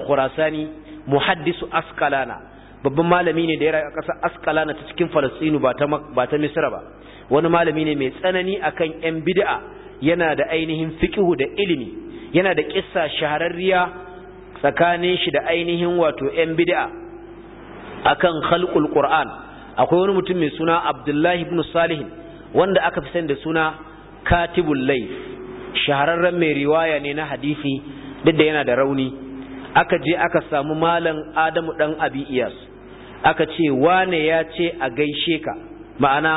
muhaddisu askalana babban malami ne da ya rayu a ƙasar askalana ta cikin Falasɗinu ba ta misra ba wani malami ne mai tsanani akan yan bid'a yana da ainihin fiqhu da ilimi yana da kissa shahararriya tsakanin shi da ainihin wato yan bid'a akan khalqul qur'an akwai wani mutum mai suna abdullahi ibn Salihin? wanda aka fi sani da suna katibul laif shahararren mai riwaya ne na hadisi duk da yana da rauni aka je aka samu malam adamu dan abi iyas aka ce wane ya ce a gaishe ka ma'ana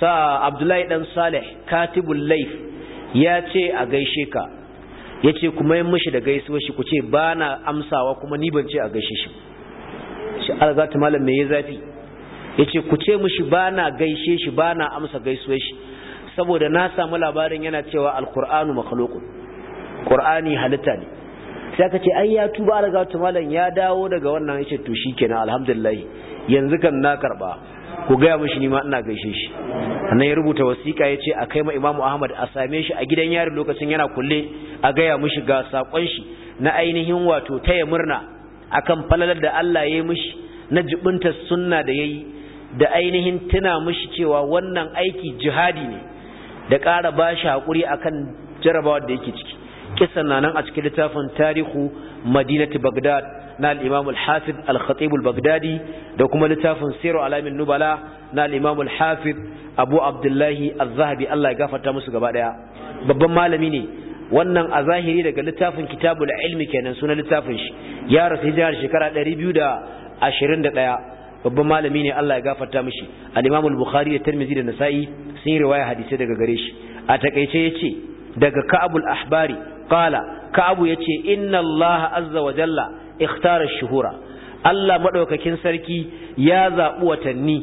sa abdullahi dan salih katibul layth ya ce a gaishe ka ya ce kuma yin mishi da gaisuwar shi ku ce ba na amsawa kuma ni ban ce a gaishe shi shi algata malam me ya zafi ya ce ku ce ba bana gaishe shi bana amsa gaisuwar shi saboda na samu labarin yana cewa alkur'anu makhluqun qur'ani halitta ne sai aka ce ai ya tuba daga wata malam ya dawo daga wannan yace to shikenan alhamdulillah yanzu kan na karba ku gaya mushi ni ma ina gaishe shi annan ya rubuta wasiƙa ya ce a kai ma imamu ahmad a same shi a gidan yari lokacin yana kulle a gaya mushi ga sakon shi na ainihin wato taya murna akan falalar da allah ya yi mushi na jibinta sunna da yayi da ainihin tana mushi cewa wannan aiki jihadi ne da ƙara ba shi haƙuri kan jarrabawar da yake ciki kisan na nan a cikin littafin tarihu madinati bagdad na al al hafid al-khatib al al-bagdadi da kuma littafin siru alamin nubala na al al al-hafid abu abdullahi az-zahabi Allah ya gafarta musu gaba daya babban malami ne wannan a zahiri daga littafin kitabul ilmi kenan suna littafin shi ya rasu hijirar shekara 221 babban malami ne Allah ya gafarta mishi al-Imam al-Bukhari da Tirmidhi da Nasa'i sun riwaya hadisi daga gare shi a takaice yace daga Ka'ab al-Ahbari qala Ka'ab yace inna Allah azza wa jalla ikhtara ash-shuhura Allah madaukakin sarki ya zabi watanni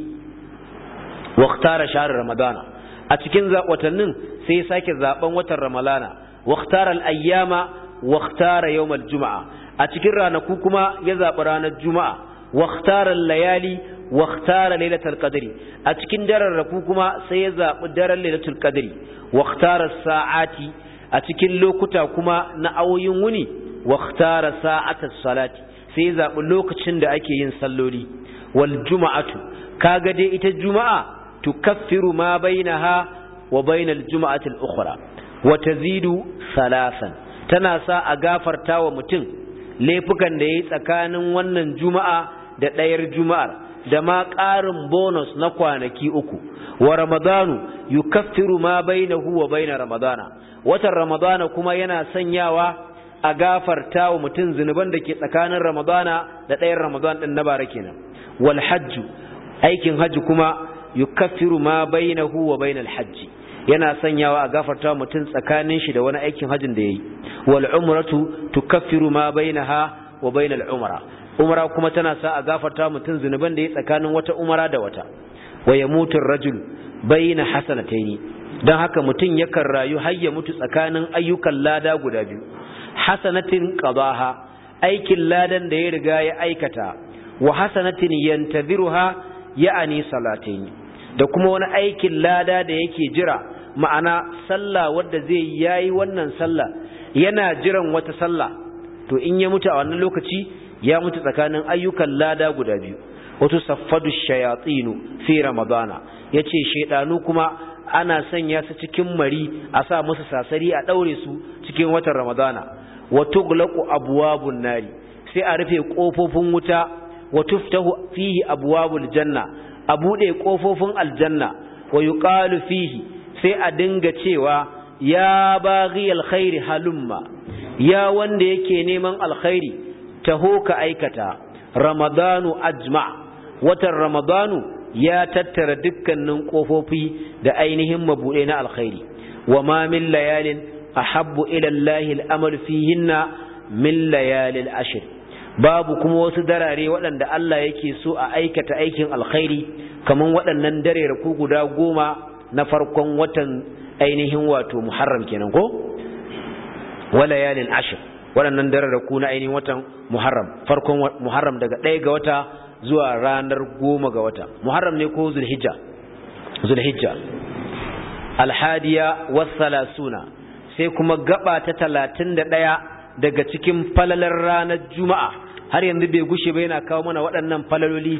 wa ikhtara shahr ramadana a cikin watannin sai ya sake zaben watan Ramadana, wa ikhtara al-ayyama wa ikhtara yawm al-jum'a a cikin ranaku kuma ya zabi ranar juma'a waxtarar layali waxtarar lailatar kadiri a cikin daren rafu kuma sai ya zaɓi daren lailatar kadiri waxtarar sa'ati a cikin lokuta kuma na auyin wuni waxtarar sa'atar salati sai ya zaɓi lokacin da ake yin salloli wal juma'atu ka gade ita juma'a tu kaffiru ma baina ha wa baina juma'atul ukhra Wata zidu salasan tana sa a gafarta wa mutum laifukan da ya yi tsakanin wannan juma'a da ɗayar juma'ar da ma ƙarin bonus na kwanaki uku wa ramadanu kaftiru ma bai na huwa wa na ramadana watan ramadana kuma yana sanyawa a gafarta wa mutum zunuban da ke tsakanin ramadana da ɗayar ramadan ɗin na bara kenan wal hajju aikin hajji kuma kaftiru ma huwa bai na hajji yana sanyawa a gafarta mutum tsakanin shi da wani aikin hajjin da yayi wal umratu tukaffiru ma bainaha wa bainal umra umara kuma tana sa a gafarta mutum zunuban da ya tsakanin wata umara da wata wa ya mutun rajul bayna hasanataini dan haka mutum yakan rayu har ya mutu tsakanin ayyukan lada guda biyu hasanatin qadaha aikin ladan da ya riga ya aikata wa hasanatin yantadhiruha ya'ani salataini da kuma wani aikin lada da yake jira ma'ana sallah wadda zai yayi wannan sallah yana jiran wata sallah to in ya mutu a wannan lokaci ya mutu tsakanin ayyukan lada guda biyu wato saffadu shayatinu fi ramadana ya ce shaidanu kuma ana sanya su cikin mari a sa musu sasari a ɗaure su cikin watan ramadana wato gulaku abuwabun nari sai a rufe kofofin wuta wato fitahu fihi abuwabul janna a buɗe kofofin aljanna wa yuqalu fihi sai a dinga cewa ya baghi alkhairi halumma ya wanda yake neman alkhairi taho ka aikata ramadanu ajma watan ramadanu ya tattara dukkanin kofofi da ainihin mabuɗe na alkhairi wa ma min layalin ahabbu ila Allahi al'amal fihinna min layalin ashir babu kuma wasu darare waɗanda Allah yake so a aikata aikin alkhairi kaman waɗannan dare ku guda goma na farkon watan ainihin wato muharram kenan ko wa layalin ashir waɗannan dararraku na ainihin watan muharram farkon muharram daga ɗaya ga wata zuwa ranar goma ga wata muharram ne ko zulhijja zulhijja alhadiya suna sai kuma gaba ta talatin da ɗaya daga cikin falalar ranar juma'a har yanzu bai gushe ba yana kawo mana waɗannan falaloli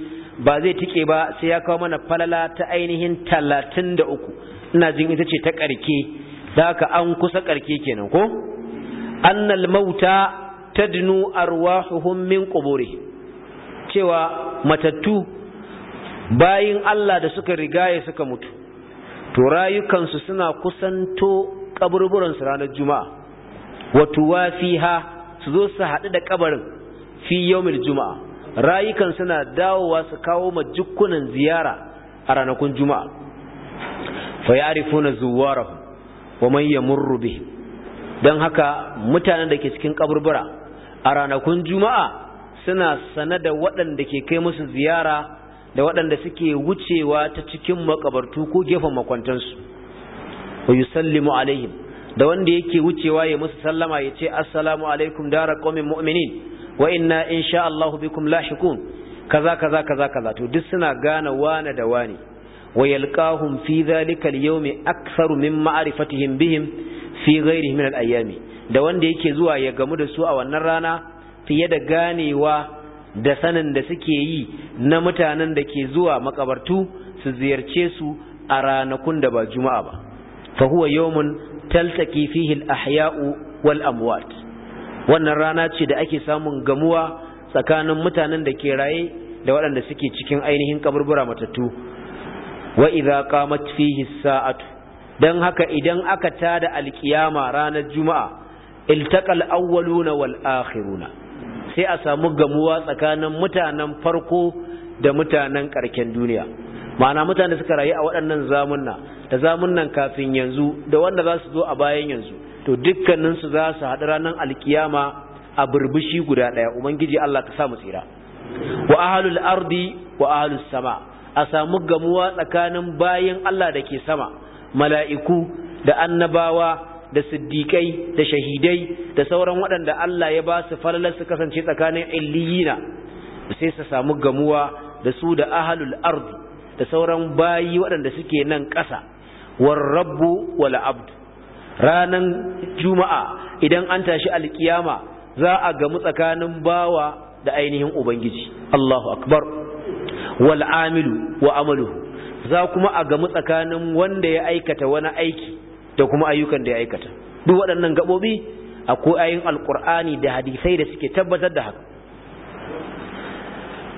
ba zai tike ba sai ya kawo mana falala ta ainihin talatin da uku ina jin ita ce ta ƙarke da haka an kusa ƙarke kenan ko annal mauta tadnu arwahuhum min quburi cewa matattu bayin Allah da suka rigaye suka mutu to rayukansu suna kusanto kaburburansu ranar juma'a wa tuwafiha su zo su haɗu da kabarin fi yawmil juma'a rayukan suna dawowa su kawo majukkunan ziyara a ranakun juma'a fa ya'rifuna zuwarahu wa man yamurru bihim don haka mutanen da ke cikin kaburbura a ranakun juma'a suna sane da waɗanda ke kai musu ziyara da waɗanda suke wucewa ta cikin makabartu ko gefen makwantansu wa yusallimu alaihim da wanda yake wucewa ya musu sallama ya ce assalamu alaikum dara ƙomin mu'minin wa inna insha Allahu bikum lahiqun kaza kaza kaza kaza to duk suna gane wane da wane wa yalqahum fi dhalika al-yawmi aktharu min ma'rifatihim bihim fi ghairi min al-ayami da wanda yake zuwa ya gamu da su a wannan rana fiye da ganewa da sanin da suke yi na mutanen da ke zuwa makabartu su ziyarce su a ranakun da ba juma'a ba fa huwa yawmun taltaqi fihi al-ahya'u wal amwat wannan rana ce da ake samun gamuwa tsakanin mutanen da ke raye da waɗanda suke cikin ainihin kaburbura matattu wa idza qamat fihi as-sa'atu don haka idan aka tada alkiyama ranar juma'a iltakal awwaluna wal akhiruna sai a samu gamuwa tsakanin mutanen farko da mutanen karken duniya ma'ana mutane suka rayu a waɗannan zamunna da zamunnan kafin yanzu da wanda za su zo a bayan yanzu to dukkaninsu za su haɗu ranar alkiyama a burbushi guda ɗaya ubangiji Allah ka sa mu tsira wa ahlul ardi wa ahlus sama a samu gamuwa tsakanin bayin Allah da ke sama mala'iku da annabawa da siddiƙai da shahidai da sauran waɗanda Allah ya ba su falalar su kasance tsakanin illiyina sai su samu gamuwa da su da ahalul ardi da sauran bayi waɗanda suke nan ƙasa war rabbu wal abdu ranan juma'a idan an tashi alkiyama za a gamu tsakanin bawa da ainihin ubangiji Allahu akbar wal amilu wa amaluhu za kuma a gamu tsakanin wanda ya aikata wani aiki da kuma ayyukan da ya aikata duk waɗannan gaɓoɓi akwai ayin alƙur'ani da hadisai da suke tabbatar da haka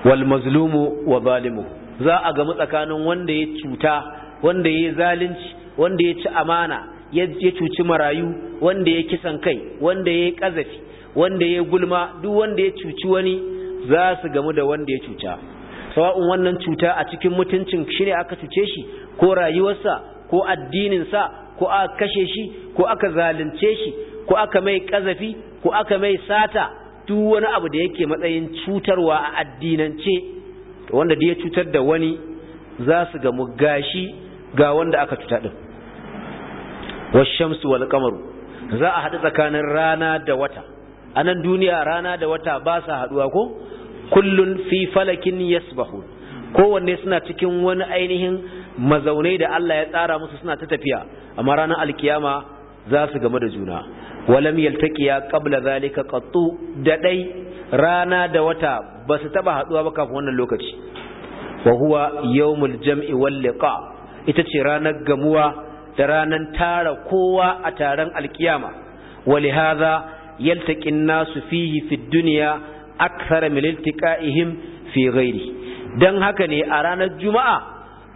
wal mazlumu wa zalimu za a gamu tsakanin wanda ya cuta wanda ya zalunci wanda ya ci amana ya cuci marayu wanda ya kisan kai wanda ya kazafi wanda ya gulma duk wanda ya cuci wani za su gamu da wanda ya cuta sawa'un wannan cuta a cikin mutuncin shi ne aka cuce shi ko rayuwarsa ko addininsa ko aka kashe shi ko aka zalunce shi ko aka mai kazafi ko aka mai sata duk wani abu da yake matsayin cutarwa a addinance wanda da ya cutar da wani za su gamu gashi ga wanda aka cuta din washamsu wal qamaru za a haɗu tsakanin rana da wata a nan duniya rana da wata ba sa haɗuwa ko kullun fi falakin yasbahu kowanne suna cikin wani ainihin mazaunai da Allah ya tsara musu suna ta tafiya amma ranar alkiyama za su game da juna walam yaltaqiya qabla zalika qattu da dai rana da wata ba su taba haduwa ba kafin wannan lokaci wa huwa yawmul jam'i wal liqa ita ce ranar gamuwa da ranar tara kowa a taron alkiyama wa lihadha yaltaqi nasu fihi fid dunya akthara min iltiqa'ihim fi ghairi dan haka ne a ranar juma'a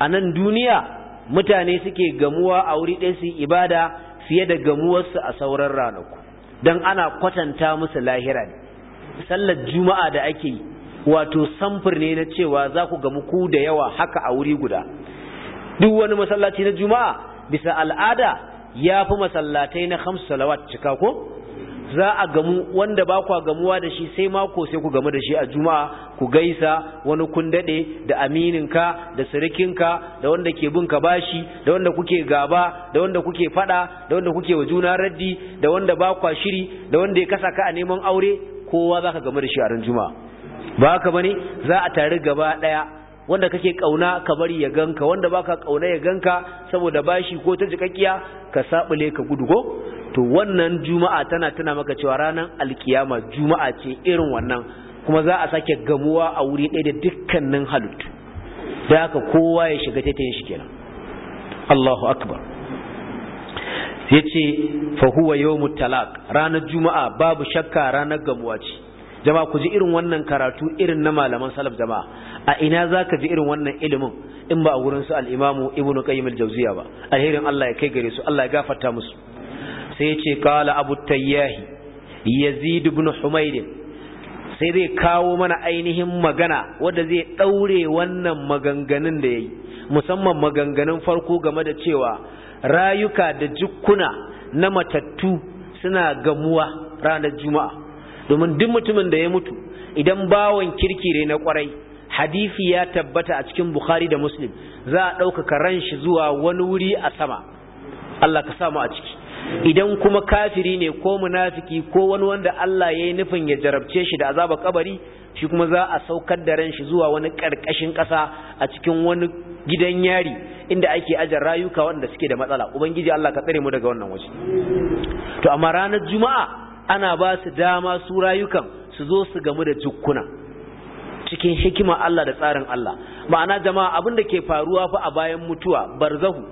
a nan duniya mutane suke gamuwa a wuri ɗaya su ibada fiye da gamuwarsu a sauran ranaku dan ana kwatanta musu lahira ne sallar juma'a da ake yi wato samfur ne na cewa za ku gamu ku da yawa haka a wuri guda duk wani masallaci na juma'a bisa al'ada ya fi masallatai na hamsu salawat cika ko za a gamu wanda ba kwa gamuwa da shi sai mako sai ku gamu da shi a juma'a ku gaisa wani kun dade da amininka da da wanda ke bin ka bashi da wanda kuke gaba da wanda kuke fada da wanda kuke wa juna raddi da wanda ba kwa shiri da wanda ya kasa ka a neman aure kowa ka gamu da shi a ran juma'a ba haka bane za a tare gaba ɗaya wanda kake kauna ka bari ya ganka wanda baka kauna ya ganka saboda bashi ko ta jikakkiya ka sabule ka gudu ko to wannan juma'a tana tana maka cewa ranar alkiyama juma'a ce irin wannan kuma za a sake gamuwa a wuri ɗaya da dukkanin halittu da haka kowa ya shiga taitayin shi kenan Allahu akbar ya ce huwa yawmut talaq ranar juma'a babu shakka ranar gamuwa ce jama'a ku ji irin wannan karatu irin na malaman salaf jama'a a ina za ka ji irin wannan ilimin in ba a wurin su al'imamu ibnu qayyim al-jawziya ba alherin Allah ya kai gare su Allah ya gafarta musu sai ce kala abu tayyahi yazid ibn humayd sai zai kawo mana ainihin magana wanda zai daure wannan maganganun da yayi musamman maganganun farko game da cewa rayuka da jukkuna na matattu suna gamuwa ranar juma'a domin duk mutumin da ya mutu idan bawon kirki ne na kwarai hadisi ya tabbata a cikin bukhari da muslim za a ɗaukaka ran shi zuwa wani wuri a sama Allah ka samu a ciki idan kuma kafiri ne ko munafiki ko wani wanda Allah ya yi nufin ya jarabce shi da azaba kabari shi kuma za a saukar da ran shi zuwa wani karkashin ƙasa a cikin wani gidan yari inda ake ajar rayuka wanda suke da matsala ubangiji Allah ka tsare mu daga wannan waje to amma ranar juma'a ana ba su dama su rayukan su zo su gamu da jukkuna cikin hikima Allah da tsarin Allah ma'ana jama'a abin da ke faruwa fa a bayan mutuwa barzahu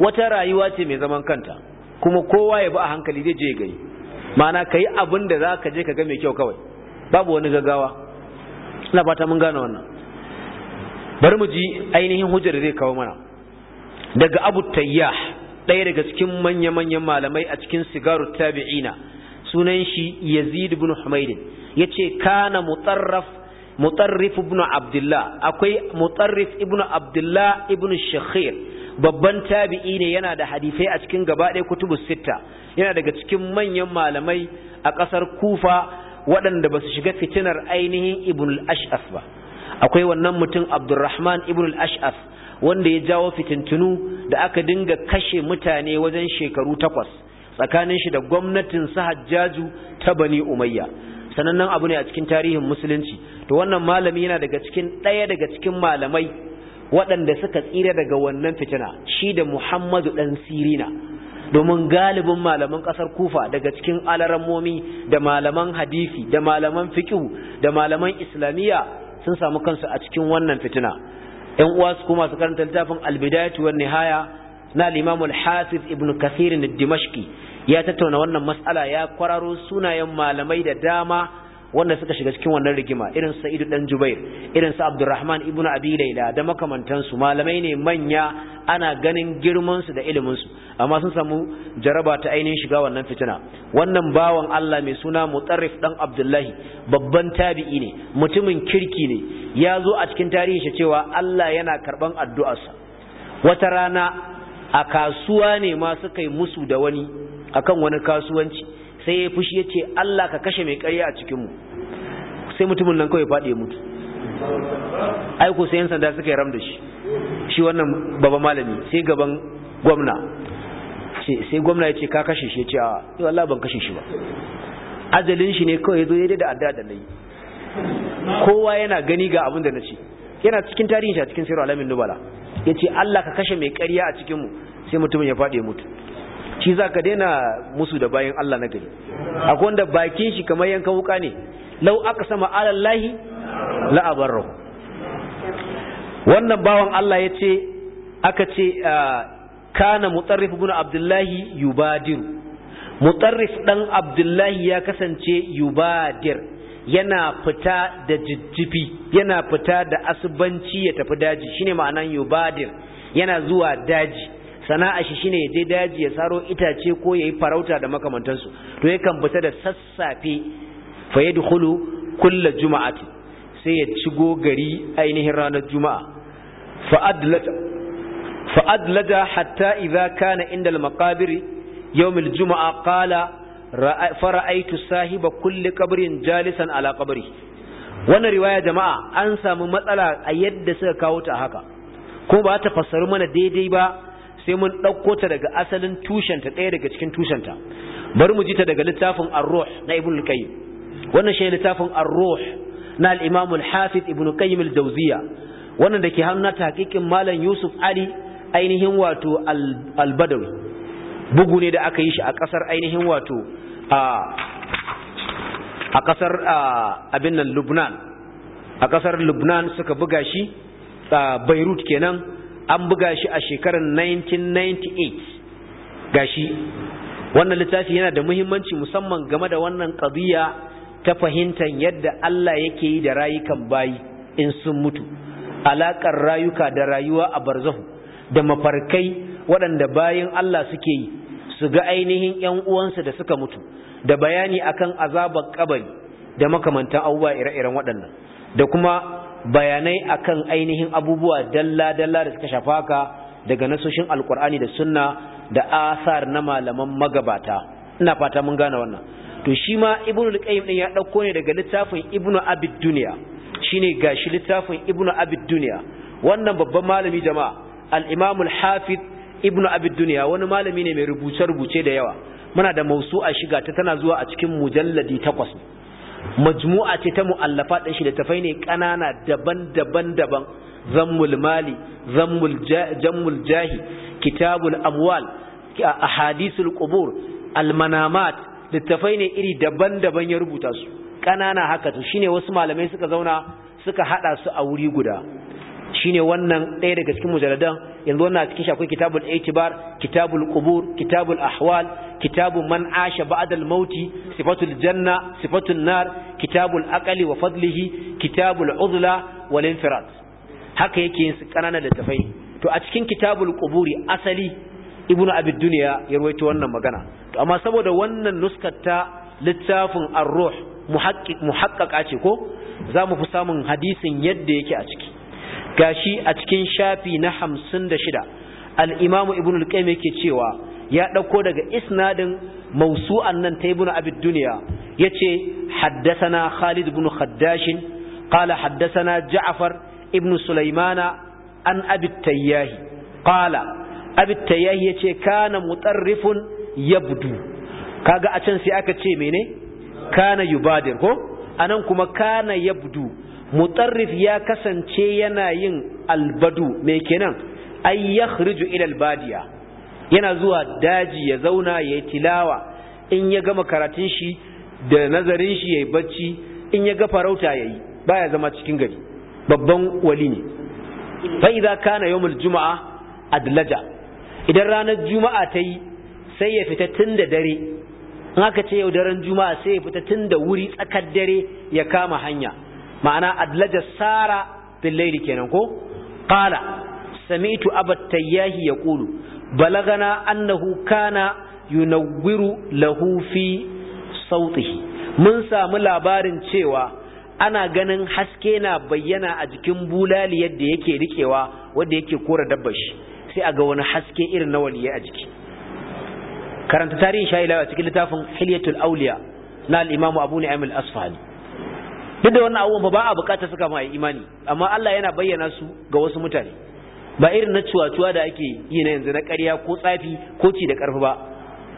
wata rayuwa ce mai zaman kanta kuma kowa ya bi a hankali zai je ya ma'ana ka yi abin da za ka je ka ga mai kyau kawai babu wani gaggawa ina fata mun gane wannan bari mu ji ainihin hujjar zai kawo mana daga abu tayya ɗaya daga cikin manya-manyan malamai a cikin sigaru tabi'ina sunan shi yazid ibn humaydin ce kana mutarraf mutarrif ibn abdullah akwai mutarrif ibn abdullah ibn shakhir babban tabi'i ne yana da hadisai a cikin gaba ɗaya kutubu sitta yana daga cikin manyan malamai a ƙasar kufa waɗanda ba su shiga fitinar ainihin ibn al-ash'as ba akwai wannan mutum abdurrahman ibn al-ash'as wanda ya jawo fitintunu da aka dinga kashe mutane wajen shekaru takwas tsakanin shi da gwamnatin sa hajjaju ta bani umayya sanannen abu ne a cikin tarihin musulunci to wannan malami yana daga cikin ɗaya daga cikin malamai waɗanda suka tsira daga wannan fitina shi da muhammadu ɗan sirina domin galibin malaman ƙasar kufa daga cikin alarammomi da malaman hadisi da malaman fiƙihu da malaman islamiyya sun samu kansu a cikin wannan fitina ‘yan uwa su kuma su karanta littafin albidayatu wa nihaya na limamu hafiz ibn kasir dimashki ya tattauna wannan mas'ala ya kwararo sunayen malamai da dama wanda suka shiga cikin wannan rigima irin sa'idu dan jubair irin sa abdurrahman ibnu abi laila da makamantansu malamai ne manya ana ganin girmansu da ilimin su amma sun samu jaraba ta ainihin shiga wannan fitina wannan bawan Allah mai suna mutarrif dan abdullahi babban tabi'i ne mutumin kirki ne ya zo a cikin tarihi shi cewa Allah yana karban addu'arsa wata rana a kasuwa ne ma suka yi musu da wani akan wani kasuwanci sai ya fushi ya ce Allah ka kashe mai ƙarya a cikinmu sai mutumin nan kawai faɗi ya mutu aiko sai yan sanda suka yi ram da shi shi wannan baba malami sai gaban gwamna sai gwamna ya ce ka kashe shi ya ce a yi wallah ban kashe shi ba ajalin shi ne kawai zo daidai da adda da nayi kowa yana gani ga abin da na ce yana cikin tarihin shi a cikin sirar alamin nubala ya ce Allah ka kashe mai ƙarya a cikinmu sai mutumin ya faɗi ya mutu shi za ka daina musu da bayan Allah na gari akwai wanda bakin shi kamar yanka wuka ne lau aka sama alallahi la'abarrahu wannan bawan Allah ya ce aka ce ah, kana mutarrif buna abdullahi yubadir mutarrif dan abdullahi ya kasance yubadir yana fita da jijjifi yana fita da asubanci ya tafi daji shine ma'anan yubadir yana zuwa daji sana'a shi shine ya je daji ya saro itace ko yayi farauta da makamantansu to yakan fita da sassafe fa yadkhulu kullu juma'ati sai ya shigo gari ainihin ranar juma'a fa adlata fa hatta idza kana inda al-maqabir yawm al-juma'a qala fara'aitu sahiba kulli qabrin jalisan ala qabri wannan riwaya jama'a an samu matsala a yadda suka kawo ta haka ko ba ta fassaru mana daidai ba sai mun ɗauko ta daga asalin tushenta ɗaya daga cikin tushenta bari mu ji ta daga littafin ar na ibn al-qayyim wannan shi littafin ar na al-imam al-hafiz ibn qayyim al-jawziya wannan dake hannu na tahqiqin malam yusuf ali ainihin wato al-badawi bugu ne da aka yi shi a kasar ainihin wato a kasar abin nan lubnan a kasar lubnan suka buga shi a beirut kenan an buga shi a shekarar 1998 gashi wannan littafi yana da muhimmanci musamman game da wannan qadiya ta fahimtar yadda Allah yake yi da rayukan bayi in sun mutu alaƙar rayuka da rayuwa a barzahu da mafarkai waɗanda bayan Allah suke yi su ga ainihin ‘yan uwansu da suka mutu da bayani akan azabar kabari da makamantan abubuwa ire-iren waɗannan da kuma bayanai akan ainihin abubuwa dalla-dalla da suka shafa ka daga nasoshin alkur'ani da sunna da asar na malaman magabata ina fata mun gane wannan to shi ma ibnu al-qayyim din ya dauko ne daga littafin ibnu abid dunya shine gashi littafin ibnu abid dunya wannan babban malami jama'a al-imam al-hafiz ibnu abid dunya wani malami ne mai rubuce rubuce da yawa muna da mausu'a shiga ta tana zuwa a cikin mujalladi takwas majmu'a ce ta mu'allafa ɗin shi da tafai ne ƙanana daban-daban daban zammul mali zammul jahi kitabul amwal ahadisul qubur almanamat littafai ne iri daban-daban ya rubuta su ƙanana haka to shine wasu malamai suka zauna suka hada su a wuri guda shine wannan ɗaya daga cikin mujalladan yanzu wannan cikin shi akwai kitabul itibar kitabul qubur kitabul ahwal kitabu man asha ba'da al-mauti sifatul janna sifatun nar kitabul aqli wa fadlihi kitabul uzla wal infirad haka yake yin su kanana littafai to a cikin kitabul quburi asali ibnu abid dunya ya rawaito wannan magana to amma saboda wannan nuskar ta littafin ar-ruh muhaqqiq muhaqqaqa ce ko za mu fi samun hadisin yadda yake a ciki gashi a cikin shafi na hamsin da shida al'imamu ibn al yake cewa ya ɗauko daga isnadin mausu'an nan ta ibn abid duniya ya ce haddasana khalid ibn khaddashin qala haddasana ja'far ibn sulaimana an abid tayyahi qala abid tayyahi ya ce kana mutarrifun yabdu kaga a can sai aka ce mene kana yubadir ko anan kuma kana yabdu mutarrif ya kasance yana yin albadu me kenan ay yakhruju ila albadiya yana zuwa daji ya zauna ya yi tilawa in ya gama karatun shi da nazarin shi yayi bacci in ya ga farauta yayi baya zama cikin gari babban wali ne fa idza kana yawmul juma'a adlaja idan ranar juma'a ta yi sai ya fita tun da dare in aka ce yau daren juma'a sai ya fita tun da wuri tsakar dare ya kama hanya ma'ana adlaja sara bil layli kenan ko qala sami'tu abat tayyahi yaqulu balagana annahu kana yunawwiru lahu fi sautihi mun samu labarin cewa ana ganin haske na bayyana a jikin bulali yadda yake rikewa wanda yake kora dabbar shi sai a ga wani haske irin na waliyi a jiki karanta tarihin sha'ilawa cikin littafin hilyatul auliya na al-imamu abu ni'am al-asfahani duk da wannan abubuwan ba a bukatar suka ma imani amma Allah yana bayyana su ga wasu mutane ba irin na cuwa da ake yi na yanzu na ƙarya ko tsafi ko ci da ƙarfi ba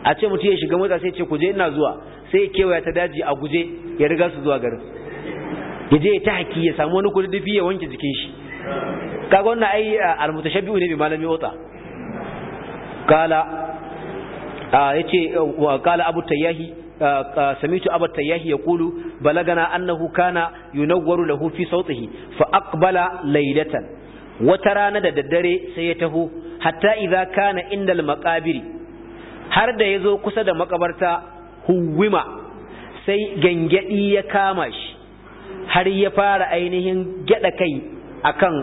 a ce mutum ya shiga motsa sai ce ku ina zuwa sai ya kewaya ta daji a guje ya riga su zuwa garin ya je ya ta haki ya samu wani kududufi ya wanke jikin shi kaga wannan ai almutashabbihu ne bi malami wata kala yace wa kala abu tayyahi سمعت أبا التياهي يقول بلغنا أنه Fa ينور له Wata rana da daddare sai ya taho, حتى إذا kana indal maƙabiri. har da ya zo kusa da makabarta huwima sai gangadi ya kama shi har ya fara ainihin gyada kai akan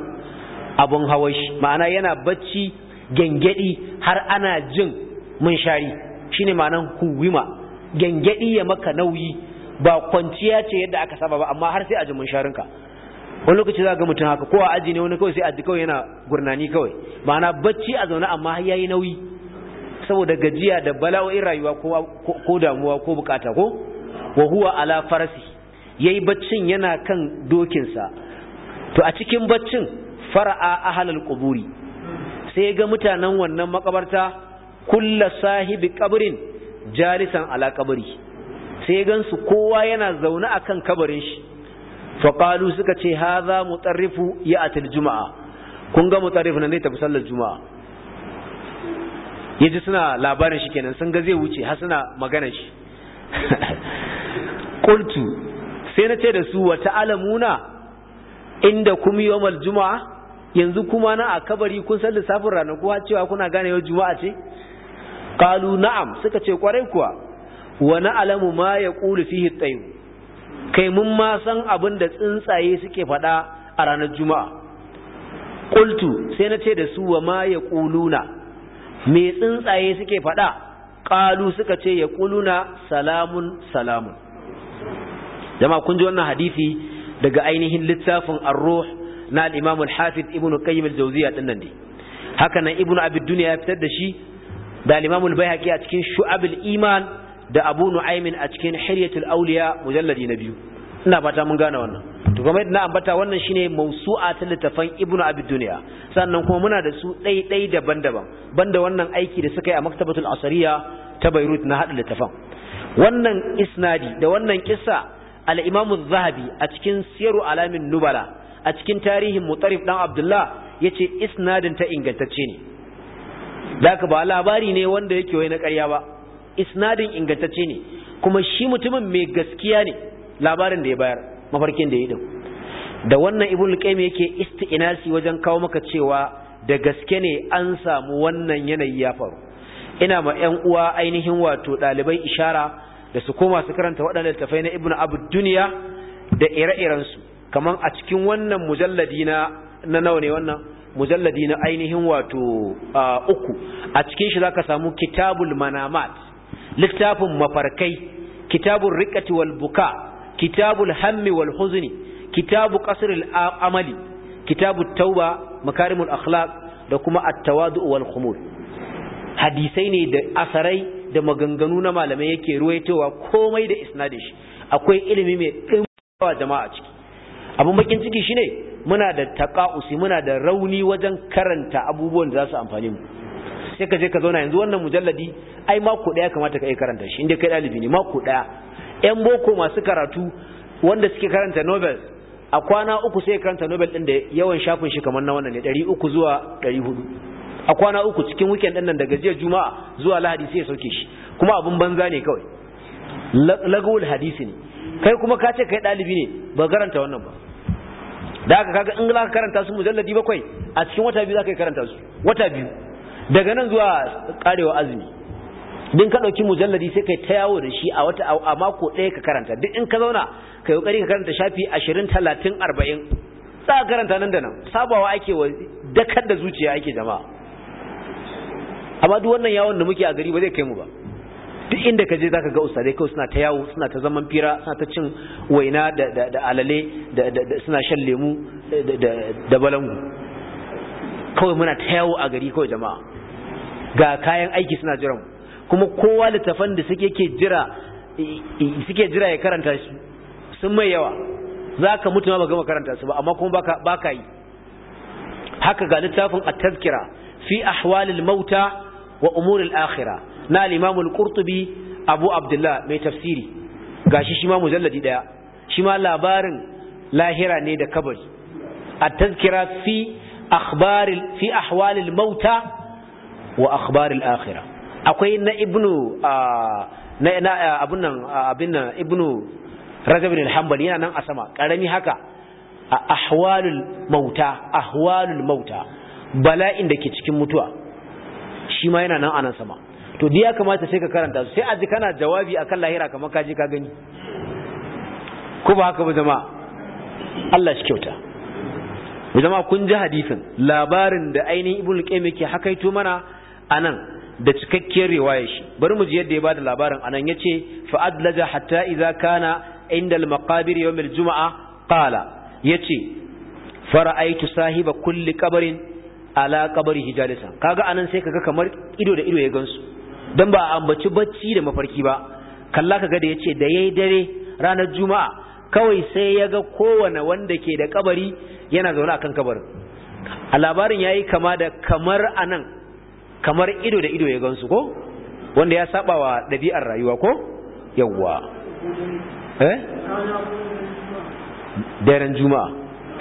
abun hawan shi ma'ana yana bacci gangadi har ana jin munshari shine ma'anan huwima gengedi ya maka nauyi ba kwanciya ce yadda aka saba ba amma har sai a jimin sharinka wani lokaci za ga mutum haka ko a aji ne wani kawai sai a ji kawai yana gurnani kawai ma'ana bacci a zaune amma ya yi nauyi saboda gajiya da bala'o'in rayuwa ko damuwa ko bukata ko wa huwa ala farasi yayi baccin yana kan dokinsa to a cikin baccin fara'a ahlal quburi sai ga mutanen wannan makabarta kulla sahibi qabrin jalisan ala kabari sai gansu kowa yana zaune a kan kabarin shi faƙalu suka ce haza mutarrifu ya atil juma'a kun ga mutarrif nan zai tafi sallar juma'a yaji suna labarin shi kenan sun ga zai wuce har suna magana shi qultu sai na ce da su wata ta'alamuna inda kum yawmal juma'a yanzu kuma na a kabari kun san lissafin ranaku cewa kuna gane yau juma'a ce qalu na'am suka ce kwarai kuwa wa na'lamu ma yaqulu fihi at-tayr kai mun ma san abin da tsuntsaye suke faɗa a ranar juma'a qultu sai na ce da su wa ma yaquluna me tsuntsaye suke faɗa qalu suka ce yaquluna salamun salamun jama'a kun ji wannan hadisi daga ainihin littafin ar-ruh na al-imam al-hafiz ibnu qayyim al-jawziyya dinnan dai haka nan ibnu abid dunya ya fitar da shi da al-imamul bayhaqi a cikin shu'abul iman da abu nu'aymin a cikin hiryatul awliya mujalladi na biyu ina fata mun gane wannan to kamar na ambata wannan shine mawsu'a ta littafan ibnu abi dunya sannan kuma muna da su ɗai daban-daban banda wannan aiki da suka yi a maktabatul asariya ta Bairut na hada littafan wannan isnadi da wannan kissa al-imamu zahabi a cikin siyaru alamin nubala a cikin tarihin mutarif dan abdullah yace isnadin ta ingantacce ne da ba labari ne wanda yake wai na ƙarya ba isnadin ingantacce ne kuma shi mutumin mai gaskiya ne labarin da ya bayar mafarkin da ya yi da wannan ibnu qayyim yake isti'nasi wajen kawo maka cewa da gaske ne an samu wannan yanayi ya faru ina ma ƴan uwa ainihin wato ɗalibai ishara da su koma su karanta waɗannan tafai na Ibn abud duniya da ire-irensu Kamar a cikin wannan mujalladi na nawa ne wannan mujalladi na ainihin wato uku a cikin shi za ka samu kitabul manamat littafin mafarkai kitabul riqati wal buka kitabul hammi wal huzni kitabu qasr amali kitabu tauba makarimul akhlaq da kuma at-tawadu wal khumul hadisai ne da asarai da maganganu na malamai yake ruwaitowa komai da isnadin shi akwai ilimi mai dimbawa jama'a ciki abun bakin ciki shine muna da taqa'usi muna da rauni wajen karanta abubuwan da za su amfane mu sai ka je ka zauna yanzu wannan mujalladi ai mako daya kamata ka yi karanta shi inda kai dalibi ne mako daya yan boko masu karatu wanda suke karanta novel a kwana uku sai karanta Nobel din da yawan shafin shi kamar na wannan ne 300 zuwa 400 a kwana uku cikin weekend din nan daga jiya juma'a zuwa lahadi sai ya sauke shi kuma abin banza ne kawai lagawul hadisi ne kai kuma ka ce kai dalibi ne ba karanta wannan ba da aka kaga in za ka karanta su mujalladi bakwai a cikin wata biyu za ka karanta su wata biyu daga nan zuwa karewa azumi din ka ɗauki mujalladi sai kai ta yawo da shi a wata a mako ɗaya ka karanta duk in ka zauna kai kokari ka karanta shafi ashirin talatin arba'in za ka karanta nan da nan sabawa ake wa dakar da zuciya ake jama'a amma duk wannan yawon da muke a gari ba zai kai mu ba duk inda ka je za ka ga ustadai kawai suna ta yawo suna ta zaman fira suna ta cin waina da alale suna shan lemu da balangu kawai muna ta yawo a gari kawai jama'a ga kayan aiki suna mu kuma kowa littafan da suke jira suke ya karanta su sun mai yawa za ka mutu ma ba gama karanta su ba amma kuma ba ka yi haka ga littafin a tazkira fi ahwalil mauta wa umuril akhira na al-imam al-qurtubi abu abdullah mai tafsiri gashi shi ma mujalladi daya shi ma labarin lahira ne da kabari at-tazkira fi akhbar fi ahwal al-mauta wa akhbar al akwai na ibnu na na abun nan abin nan ibnu rajab bin al-hanbali yana nan a sama karami haka ahwalul mauta ahwalul mauta bala'in da ke cikin mutuwa shi ma yana nan anan sama to dai ya kamata sai ka karanta su sai a ji kana jawabi akan lahira kamar ka je ka gani ko ba haka ba jama'a Allah shi kyauta jama'a kun ji hadisin labarin da ainihin ibnu qayyim yake hakaito mana anan da cikakkiyar riwaya shi bari mu ji yadda ya bada labarin anan yace fa adlaja hatta idza kana inda al maqabir yawm al jum'a qala yace fara'aytu sahiba kulli qabrin ala kabari hijalisa kaga anan sai kaga kamar ido da ido ya gansu dan ba ambaci bacci da mafarki ba kalla kaga da yace da yayi dare ranar juma'a kawai sai ya ga kowane wanda ke da kabari yana zaune akan kabarin a labarin yayi kama da kamar anan kamar ido da ido ya gansu ko wanda ya saba wa dabi'ar rayuwa ko yawwa eh daren juma'a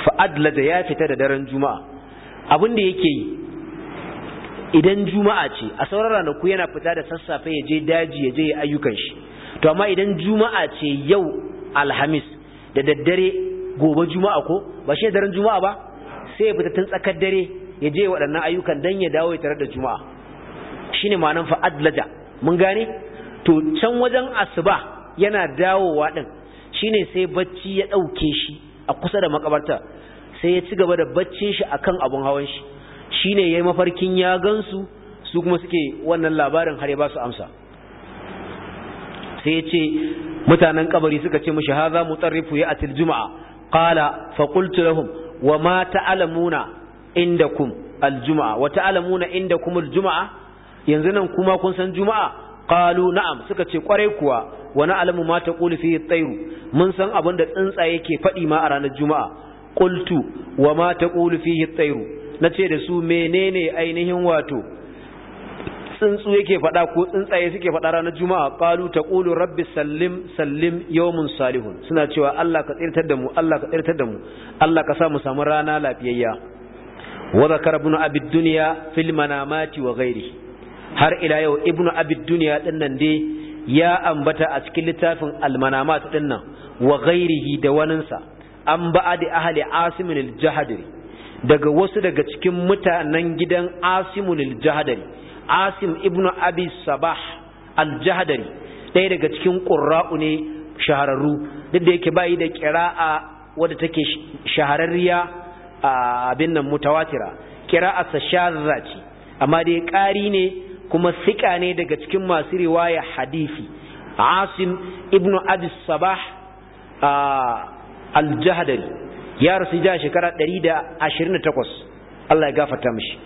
fa adlaja ya fita da daren juma'a abin da yake yi idan juma'a ce a sauran ranaku yana fita da sassafe ya je daji ya je ayyukan shi to amma idan juma'a ce yau alhamis da daddare gobe juma'a ko ba shi daren juma'a ba sai ya fita tun tsakar dare ya je waɗannan ayyukan dan ya dawo ya tare da juma'a shine ma'anan fa adlaja mun gane to can wajen asuba yana dawowa din shine sai bacci ya ɗauke shi a kusa da makabarta sai ya ci gaba da baccin shi akan abun hawan shi shine yayi mafarkin ya gansu su kuma suke wannan labarin har ya ba su amsa sai ya ce mutanen kabari suka ce mishi haza mutarrifu ya atil juma'a qala fa qultu lahum wa ma ta'lamuna indakum aljuma'a wa ta'lamuna indakum aljuma'a yanzu nan kuma kun san juma'a qalu na'am suka ce kwarai kuwa wa na'lamu ma taqulu fi at mun san abin da tsuntsaye ke fadi ma a ranar juma'a qultu wa ma taqulu fihi at-tayru nace da su menene ainihin wato tsuntsu yake faɗa ko tsuntsaye suke faɗa ranar juma'a qalu taqulu rabbi sallim sallim yawmun salihun suna cewa Allah ka tsirtar da mu Allah ka tsirtar da mu Allah ka sa mu samu rana lafiyayya ibn ابن dunya fil manamati wa ghairi, har ila yau ibnu abid duniya nan dai ya ambata a cikin littafin almanamat ɗinnan, wa ghairihi da waninsa an da ahli asim al daga wasu daga cikin mutanen gidan asim al asim ibn abi sabah al ɗaya daga cikin qurra'u ne shahararru duk da yake bai da qira'a wadda take shahararriya abin nan mutawatira qira'atsa shadza ce amma dai ƙari ne kuma siƙa ne daga cikin masu riwaya hadisi asim ibn abi sabah aljahdari ya rasu ja shekara 128 Allah ya gafarta mishi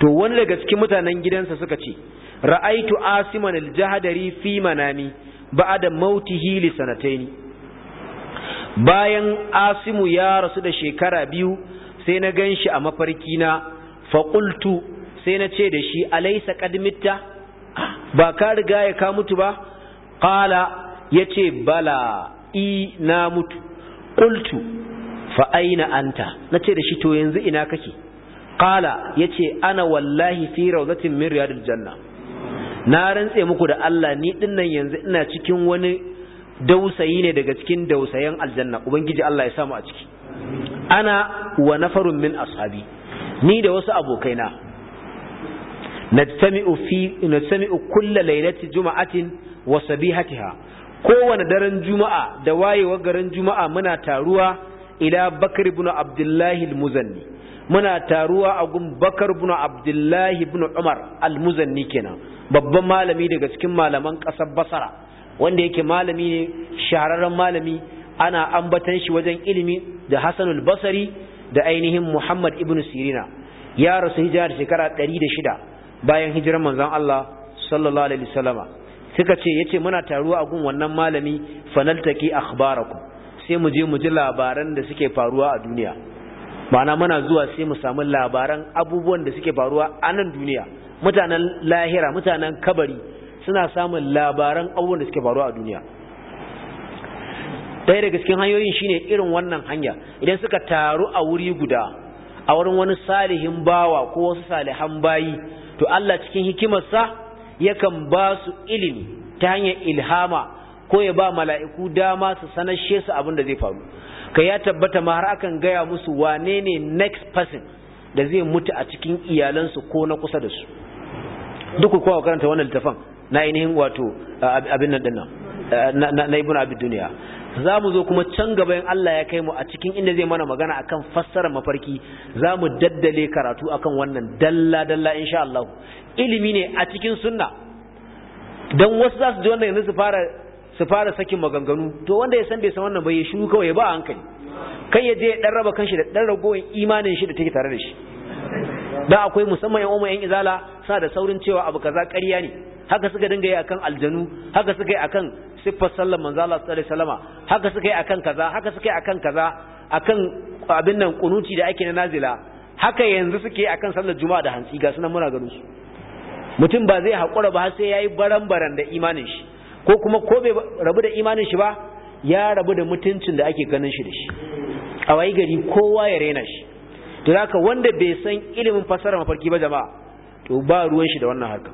to wani daga cikin mutanen gidansa suka ce ra'aitu asiman al fi manami ba'da mautihi li sanataini bayan asimu ya rasu da shekara biyu sai na gan shi a mafarki na faƙultu. sai na ce da shi alaysa qad mitta ba ka riga ya ka mutu ba qala yace bala i na mutu qultu fa aina anta nace da shi to yanzu ina kake qala yace ana wallahi fi rawdatin min riyadil janna na rantse muku da Allah ni dinnan yanzu ina cikin wani dausayi ne daga cikin dausayen aljanna ubangiji Allah ya samu a ciki ana wa nafarun min ashabi ni da wasu abokaina najtami'u fi najtami'u kulla laylati juma'atin wa sabihatiha kowane daren juma'a da wayewa garin juma'a muna taruwa ila bakar ibn abdullahi al-muzanni muna taruwa a gun bakar ibn abdullahi ibn umar al-muzanni kenan babban malami daga cikin malaman ƙasar basara wanda yake malami ne shahararren malami ana ambatan shi wajen ilimi da hasanul basari da ainihin muhammad ibn sirina ya rasu hijira da shekara 106 bayan hijirar manzon allah sallallahu alaihi wasallama suka ce yace muna taruwa a gun wannan malami fanaltaki akhbarakum sai mu je mu ji labaran da suke faruwa a duniya ma'ana muna zuwa sai mu samu labaran abubuwan da suke faruwa a nan duniya mutanen lahira mutanen kabari suna samun labaran abubuwan da suke faruwa a duniya ɗaya daga cikin hanyoyin shine irin wannan hanya idan suka taru a wuri guda a wurin wani salihin bawa ko wasu salihan bayi to Allah cikin hikimarsa yakan ba su ilimi ta hanyar ilhama ko ya ba mala'iku dama su sanar su abin da zai faru ka ya tabbata ma har akan gaya musu wane ne next person da zai mutu a cikin iyalansu ko na kusa da su duk kuwa karanta wannan littafin na ainihin wato abin nan dinnan na ibn duniya za mu zo kuma can gaba in Allah ya kai mu a cikin inda zai mana magana akan fassarar mafarki za mu daddale karatu akan wannan dalla dalla insha Allah ilimi ne a cikin sunna don wasu za su ji wannan yanzu su fara sakin maganganu to wanda ya san bai san wannan bai ya shiru kawai ba hankali kan ya je ya dan raba kanshi da dan ragowar imanin shi da take tare da shi da akwai musamman yan umma yan izala sa da saurin cewa abu kaza ƙarya ne haka suka dinga yi akan aljanu haka suka yi akan siffar sallar manzo Allah sallallahu alaihi wasallam haka suka yi akan kaza haka suka yi akan kaza akan abin nan kunuti da ake na nazila haka yanzu suke akan sallar juma'a da hantsi ga sunan muna ganin su mutum ba zai haƙura ba sai ya yi baran-baran da imanin shi ko kuma ko bai rabu da imanin shi ba ya rabu da mutuncin da ake ganin shi da shi a wayi gari kowa ya rena shi to haka wanda bai san ilimin fasara mafarki ba jama'a to ba ruwan shi da wannan harka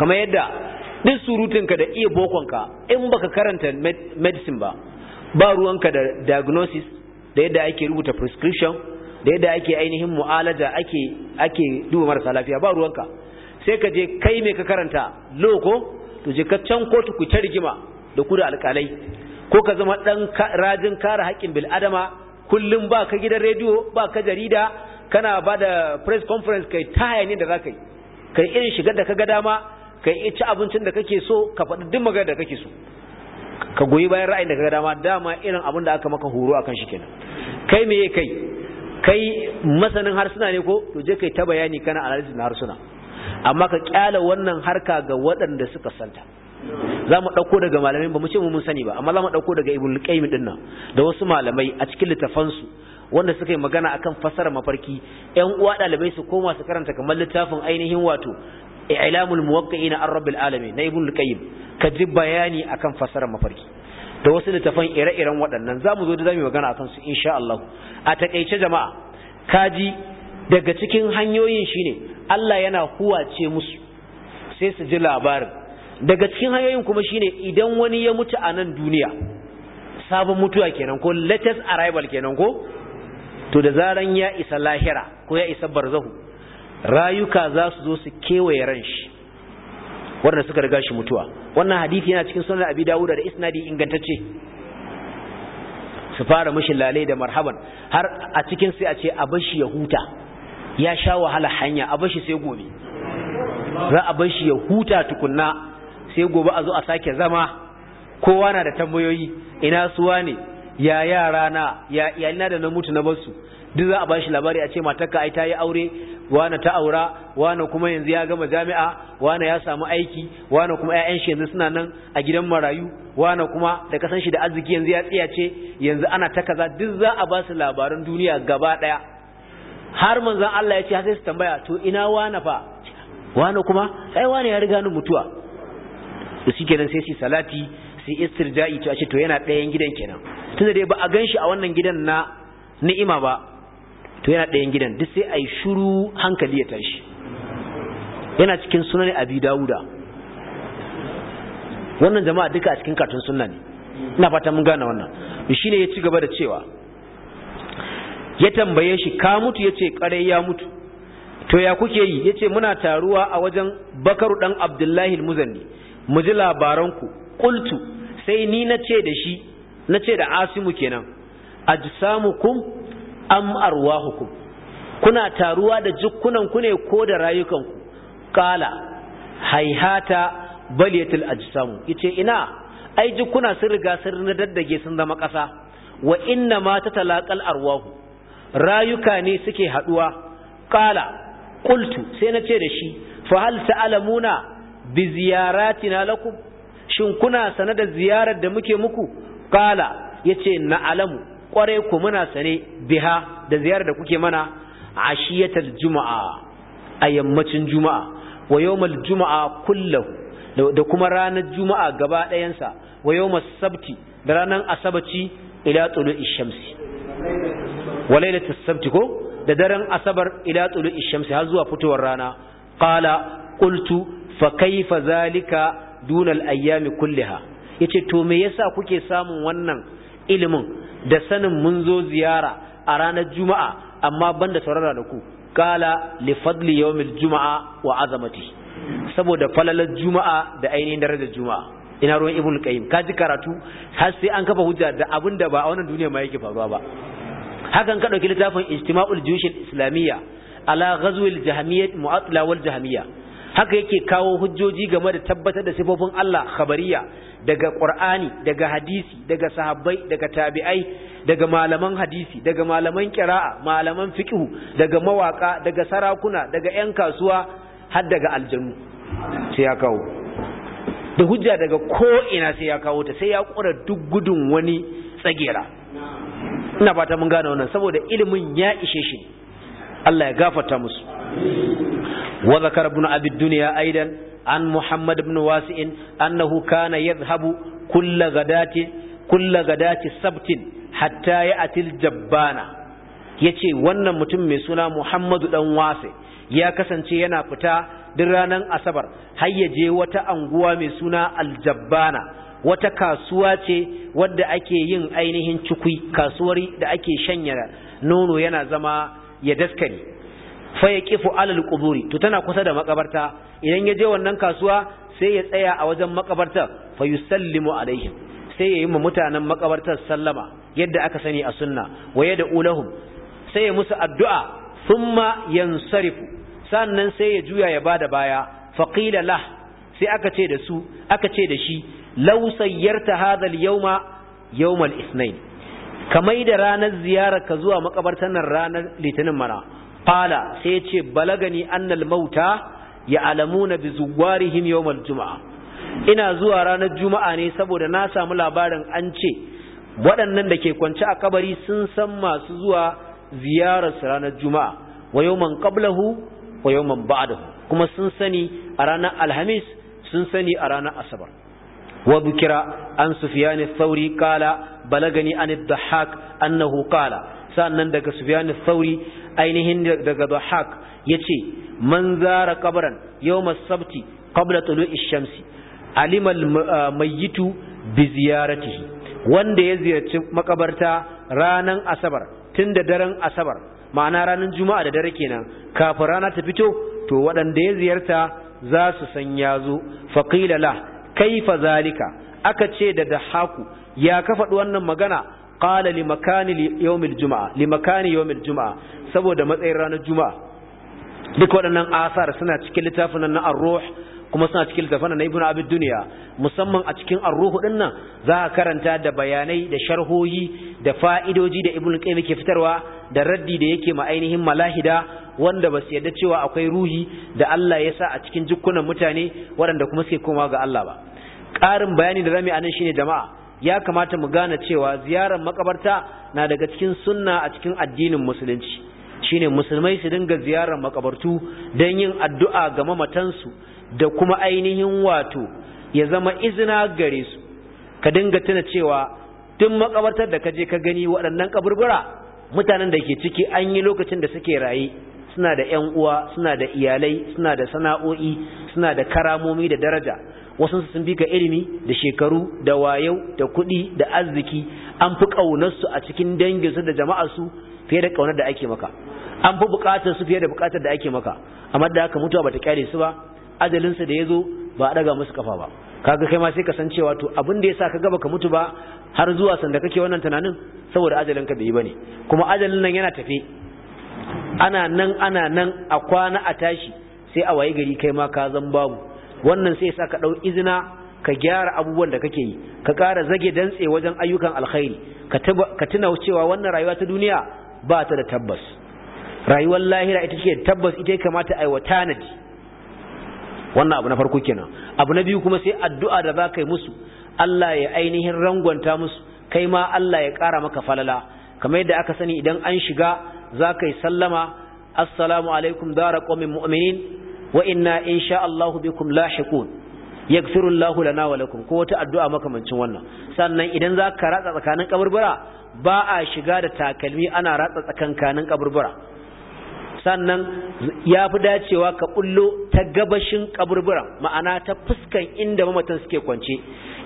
kamar yadda duk surutunka da iya bokonka in baka karanta medicine ba ba ruwanka da diagnosis da yadda ake rubuta prescription da yadda ake ainihin mu'alaja ake ake duba marasa lafiya ba ruwanka sai ka je kai mai ka karanta loko, to je ka can kotu ku ta rigima da ku da alƙalai ko ka zama ɗan rajin kare haƙƙin bil'adama kullum ba ka gidan rediyo ba ka jarida kana ba da press conference kai ta ne da za ka yi kai irin shigar da ka ga dama kai ci abincin da kake so ka faɗi duk magana da kake so ka goyi bayan ra'ayin da ka ga dama dama irin abin da aka maka horo akan shi kenan kai me kai kai masanin harsuna ne ko to je kai ta bayani kana analysis na harsuna amma ka kyala wannan harka ga waɗanda suka santa za mu ɗauko daga malamai ba mu ce mu mun sani ba amma za mu ɗauko daga ibn qayyim din nan da wasu malamai a cikin littafansu wanda suka yi magana akan fasara mafarki ƴan uwa ɗalibai su koma su karanta kamar littafin ainihin wato i'lamul muwaqqi'in an rabbil alamin na ibn qayyim ka ji bayani akan fasara mafarki da wasu littafan ire-iren waɗannan za mu zo da zamu magana akan su insha Allah a takaice jama'a kaji daga cikin hanyoyin shine Allah yana huwace musu sai su ji labarin daga cikin hanyoyin kuma shine idan wani ya mutu a nan duniya sabon mutuwa kenan ko latest arrival kenan ko to da zaran ya isa lahira ko ya isa barzahu rayuka za su zo su kewaye ran shi wanda suka riga shi mutuwa wannan hadisi yana cikin sunan abi dawuda da isnadi ingantacce su fara mishi lalai da marhaban har a cikin sai a ce a bar shi ya huta ya sha wahala hanya a bashi sai gobe za a bashi ya huta tukunna sai gobe a zo a sake zama kowa na da tambayoyi ina suwa ne ya yara na ya iyalina da na mutu na basu duk za a bashi labari a ce matarka ai ta yi aure wana ta aura wana kuma yanzu ya gama jami'a wana ya samu aiki wana kuma ƴaƴan shi yanzu suna nan a gidan marayu wana kuma da kasan shi da arziki yanzu ya tsiyace yanzu ana ta kaza duk za a ba su labaran duniya gaba daya har manzon Allah ya ce sai su tambaya to ina wana fa wana kuma ai wana ya riga ni mutuwa to shikenan sai shi salati sai istirja'i to a ce to yana ɗayan gidan kenan tunda dai ba a ganshi a wannan gidan na ni'ima ba to yana ɗayan gidan duk sai ai shiru hankali ya tashi yana cikin sunan abi dawuda wannan jama'a duka a cikin katun sunna ne ina fata mun gane wannan shine ya ci gaba da cewa ya tambaye shi ka mutu ya ce ƙarai ya mutu to ya kuke yi ya ce muna taruwa a wajen bakaru ɗan abdullahi muzanni mu ji labaranku ƙultu sai ni na ce da shi na ce da asimu kenan ajsamukum am hukum kuna taruwa da jikunanku ne ko da rayukanku ƙala haihata baliyatul ya ce ina ai jikuna sun riga sun daddage sun zama ƙasa wa inna ma ta talaƙal arwahu rayuka ne suke haduwa Ƙala, kultu sai na ce da shi fa hal ta'lamuna bi ziyaratina lakum shin kuna sane da ziyarar da muke muku kala yace na alamu kware ku muna sane biha da ziyarar da kuke mana ashiyatal juma'a a yammacin juma'a wa yawmal juma'a kullahu da kuma ranar juma'a gaba ɗayansa wa yawmas sabti da ranar asabaci ila tulu shamsi. wa lailatul sabti ko da daren asabar ila tsulu ishamsi har zuwa fitowar rana qala kultu fa kaifa zalika duna ayyami kulliha yace to me yasa kuke samun wannan ilimin da sanin mun zo ziyara a ranar juma'a amma banda sauran da ku qala li fadli yawmil juma'a wa azamati saboda falalar juma'a da ainihin darajar juma'a ina ruwan ibnu qayyim kaji karatu har sai an kafa hujja da abinda ba a wannan duniya ma yake faruwa ba hakan ka ɗauki littafin ijtima'ul juyush islamiyya ala ghazwil jahmiyyah mu'atla wal jahmiyyah haka yake kawo hujjoji game da tabbatar da sifofin Allah khabariya daga Qur'ani daga hadisi daga sahabbai daga tabi'ai daga malaman hadisi daga malaman qira'a malaman fiqh daga mawaka daga sarakuna daga yan kasuwa har daga aljannu sai ya kawo da hujja daga ko ina sai ya kawo ta sai ya kura duk gudun wani tsagera ina fata mun gane wannan saboda ilimin ya ishe shi Allah ya gafarta musu wa zakar ibn abi dunya aidan an muhammad ibn wasi'in annahu kana yadhhabu kulla gadati kulla gadati sabtin hatta ya'ti al-jabbana yace wannan mutum mai suna muhammadu dan wasi ya kasance yana fita duk ranar asabar har ya je wata anguwa mai suna aljabbana wata kasuwa ce wadda ake yin ainihin cikui kasuwar da ake shanya nono yana zama ya daskare fa ya kifu alal quburi to tana kusa da makabarta idan ya je wannan kasuwa sai ya tsaya a wajen makabartar fa yusallimu alaihim sai ya yi ma mutanen makabartar sallama yadda aka sani a sunna wa ya ulahum sai ya musu addu'a thumma yansarifu sannan sai ya juya ya bada baya faqila lah sai aka ce da su aka ce da shi law ta hadha yauma, yawma yawm ka ithnain da ranar ziyarar ka zuwa makabartar nan ranar litinin mana qala sai ya balaga balagani annal mauta ya'lamuna bi zuwarihim yawm juma'a. ina zuwa ranar juma'a ne saboda na samu labarin an ce waɗannan da ke kwance a kabari sun san masu zuwa ziyararsu ranar juma'a wa yawman qablahu wa yawman ba'dahu kuma sun sani a ranar alhamis sun sani a ranar asabar وذكر عن سفيان الثوري قال بلغني عن الضحاك أنه قال sannan daga Sufyan thauri ainihin daga Dhahak yace man zara kabaran yawm as-sabti qabla tulu'i ishamsi shamsi mayitu mayyitu bi ziyaratihi wanda ya ziyarci makabarta ranan asabar tun da daren asabar ma'ana ranan juma'a da dare kenan kafin rana ta fito to waɗanda ya ziyarta za su san yazo faqila la kaifa zalika aka ce da dahaku ya ka wannan magana qala li makani yawmil juma'a li makani yawmil juma'a saboda matsayin ranar juma'a duk waɗannan asar suna cikin littafin nan ar-ruh kuma suna cikin littafan na ibnu abid duniya musamman a cikin ar-ruhu din nan za ka karanta da bayanai da sharhohi da fa'idoji da ibnu qayyim yake fitarwa da raddi da yake ma ainihin malahida wanda ba su yarda cewa akwai ruhi da Allah ya sa a cikin jukkunan mutane waɗanda kuma suke koma ga Allah ba ƙarin bayani da zamu yi anan shine jama'a ya kamata mu gane cewa ziyarar makabarta na daga cikin sunna a cikin addinin musulunci shine musulmai su dinga ziyarar makabartu don yin addu'a ga mamatansu da kuma ainihin wato ya zama izina gare su ka dinga tuna cewa tun makabartar da ka je ka gani waɗannan kaburbura mutanen da ke ciki an yi lokacin da suke raye suna da ƴan uwa suna da iyalai suna da sana'o'i suna da karamomi da daraja wasu sun bi ka ilimi da shekaru da wayau da kuɗi da arziki an fi ƙaunarsu a cikin danginsu da jama'arsu fiye da ƙaunar da ake maka an fi buƙatar su fiye da buƙatar da ake maka amma da haka mutuwa bata kyale su ba sa da ya zo ba a daga musu kafa ba kaga kai ma sai ka san cewa to abin da yasa ka gaba ka mutu ba har zuwa sanda kake wannan tunanin saboda ajalin ka bai bane kuma ajalin nan yana tafe ana nan ana nan a kwana a tashi sai a waye gari kai ma ka zan babu wannan sai yasa ka dau izina ka gyara abubuwan da kake yi ka kara zage dantse wajen ayyukan alkhairi ka tuna cewa wannan rayuwa ta duniya ba ta da tabbas rayuwar lahira ita ce tabbas ita ya kamata a yi wa tanadi wannan abu na farko kenan abu na biyu kuma sai addu'a da za ka yi musu Allah ya ainihin rangwanta musu kai ma Allah ya ƙara maka falala kamar yadda aka sani idan an shiga za yi sallama assalamu alaikum dara qaumin mu'minin wa inna insha Allah bikum lahiqun yaghfiru Allah lana wa lakum ko wata addu'a makamancin wannan sannan idan za ka ratsa tsakanin kaburbura ba a shiga da takalmi ana ratsa tsakankanin kaburbura sannan ya fi dacewa ka bullo ta gabashin kaburburan ma'ana ta fuskan inda mamatan suke kwance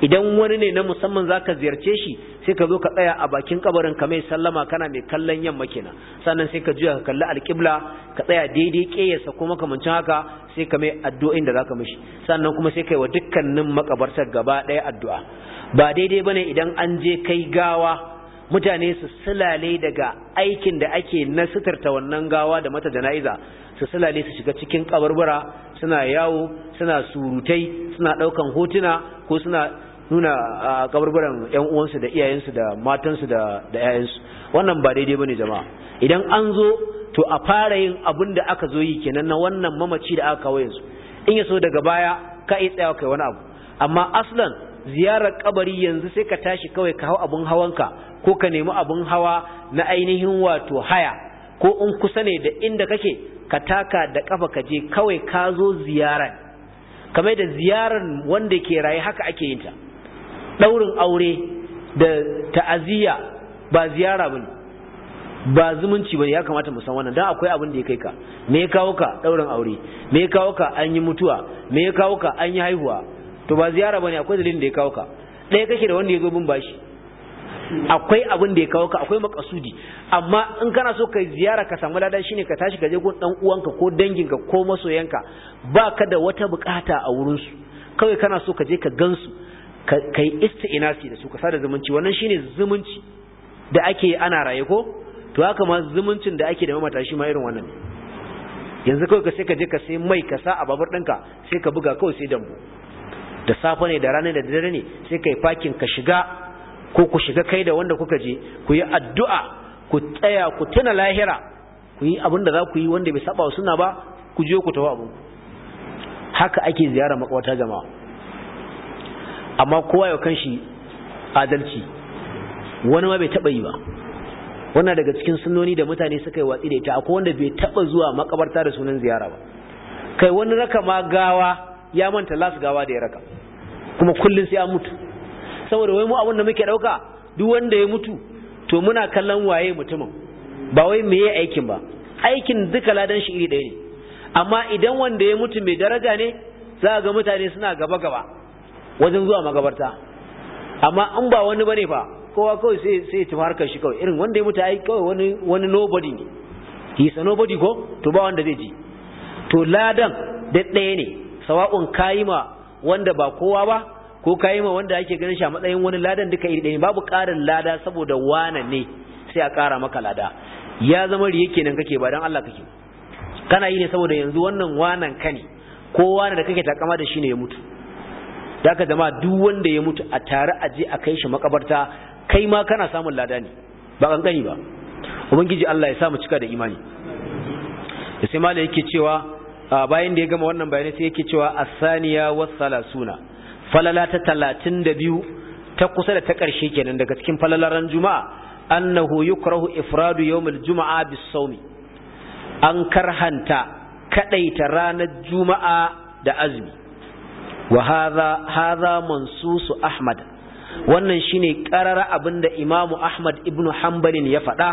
idan wani ne na musamman za ka ziyarce shi sai ka zo ka tsaya a bakin kabarin ka mai sallama kana mai kallon yamma kenan sannan sai ka juya ka kalli alƙibla ka tsaya daidai ƙeyasa ko makamancin haka sai ka mai addu'o'in da za ka mishi sannan kuma sai ka yi wa dukkanin makabartar gaba ɗaya addu'a ba daidai bane idan an je kai gawa mutane su silale daga aikin da ake na wannan gawa da mata jana'iza su silale su shiga cikin kabarbara suna yawo suna surutai suna daukan hotuna ko suna nuna kabarbaran yan uwansu da iyayensu da matansu da da yayansu wannan ba daidai bane jama'a idan an zo to a fara yin abin da aka zo yi kenan na wannan mamaci da aka kawo yanzu in ya so daga baya ka yi tsayawa kai wani abu amma aslan ziyarar kabari yanzu sai ka tashi kawai ka hau abun hawanka ko ka nemi abun hawa na ainihin wato haya ko in kusa ne da inda kake ka taka da kafa ka je kawai ka zo ziyarar kamar da ziyarar wanda ke raye haka ake yin ta daurin aure da ta'aziyya ba ziyara bane ba zumunci bane ya kamata mu san wannan dan akwai abin da ya kai ka me ya kawo ka daurin aure me ya kawo ka an yi mutuwa me ya kawo ka an yi haihuwa to ba ziyara bane akwai dalilin da ya kawo ka ɗaya kake da wanda ya zo bin bashi akwai abin da ya kawo ka akwai makasudi amma in kana so ka ziyara ka samu ladan shine ka tashi ka je gun dan uwanka ko danginka ko masoyanka ba ka da wata bukata a wurin su kawai kana so ka je ka gansu ka yi isti'inasi da su ka sada zumunci wannan shine zumunci da ake ana raye ko to haka ma zumuncin da ake da mamata shi ma irin wannan yanzu kawai ka sai ka je ka sai mai ka sa a babur ɗinka sai ka buga kawai sai dambu da safe ne da rana da dare ne sai kai fakin ka shiga ko ku shiga kai da wanda kuka je ku yi addu'a ku tsaya ku tuna lahira ku yi abin da za ku yi wanda bai saba suna ba ku je ku tafi abu haka ake ziyara makwata jama'a amma kowa ya kan shi adalci wani ma bai taba yi ba wannan daga cikin sunnoni da mutane suka yi watsi da ita akwai wanda bai taba zuwa makabarta da sunan ziyara ba kai wani raka ma gawa ya manta las gawa da ya raka kuma kullum sai an mutu saboda wai mu abin da muke dauka duk wanda ya mutu to muna kallon waye mutumin ba wai me yayi aikin ba aikin duka ladan shi iri ɗaya ne amma idan wanda ya mutu mai daraja ne za ga mutane suna gaba gaba wajen zuwa magabarta amma an ba wani bane fa kowa kawai sai sai tafi harkar shi kawai irin wanda ya mutu ai kawai wani wani nobody ne he is nobody ko to ba wanda zai ji to ladan da ɗaya ne sawa'un kayima wanda ba kowa ba ko kayima wanda ake ganin shi a matsayin wani ladan duka iri ɗaya babu ƙarin lada saboda wana ne sai a ƙara maka lada ya zama riye kenan kake ba dan Allah kake kana yi ne saboda yanzu wannan wanan ka ne ko wani da kake takama da shi ne ya mutu da ka zama duk wanda ya mutu a tare a je a kai shi makabarta kai ma kana samun lada ne ba kankani ba ubangiji Allah ya sa mu cika da imani sai malai yake cewa bayan da ya gama wannan bayanai sai yake cewa asaniya suna falala ta talatin da biyu ta kusa da ta ƙarshe kenan daga cikin falalaran juma'a annahu yukrahu ifradu yawmul juma'a bis an karhanta kadaita ranar juma'a da azumi wa hadha hadha mansusu ahmad wannan shine qarara abinda imamu ahmad ibnu hanbalin ya faɗa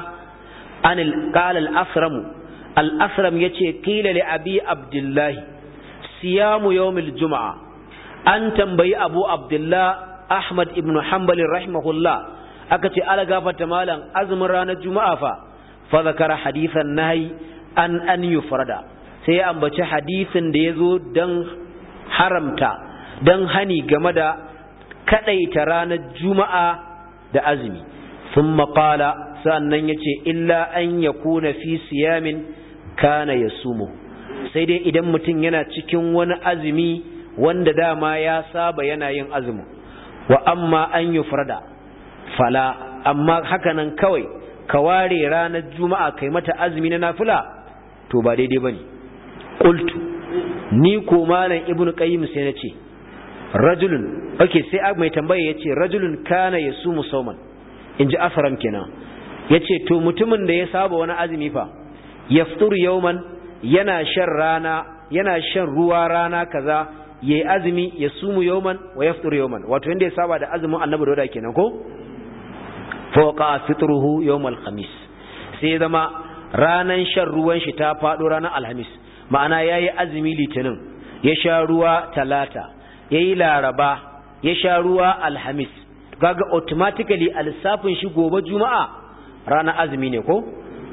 anil qala al-asramu al-asram yace qila li abi abdullahi siyamu yawmil juma'a an tambayi abu abdullah ahmad ibn hanbal rahimahullah aka ce ala gafarta malam azumin ranar juma'a fa fa zakara hadithan nahi an an yufrada sai ya ambaci hadisin da ya zo dan haramta dan hani game da kadaita ranar juma'a da azumi thumma qala sannan yace illa an ya kuna fi siyamin kana ya sumu sai dai idan mutum yana cikin wani azumi wanda dama ya saba yana yin azumi wa amma an yi fala amma hakanan kawai ka ware ranar juma'a kai mata azumi na nafila to ba daidai ba ne ƙultu ni ko malam ibnu qayyim sai na ce rajulun okay sai mai tambaya ya ce rajulun kana ya sumu sauman in ji afaram kenan ya ce to mutumin da ya saba wani azumi fa yaftur yawman yana shan rana yana shan ruwa rana kaza yayi azumi ya sumu yoman wa yaftur yoman wato inda ya saba da azumin annabi dauda kenan ko fawqa fitruhu yawmal khamis sai zama ranan shan ruwan shi ta fado ranar alhamis ma'ana yayi azumi litinin ya sha ruwa talata yayi laraba ya sha ruwa alhamis kaga automatically lissafin shi gobe juma'a ranar azumi ne ko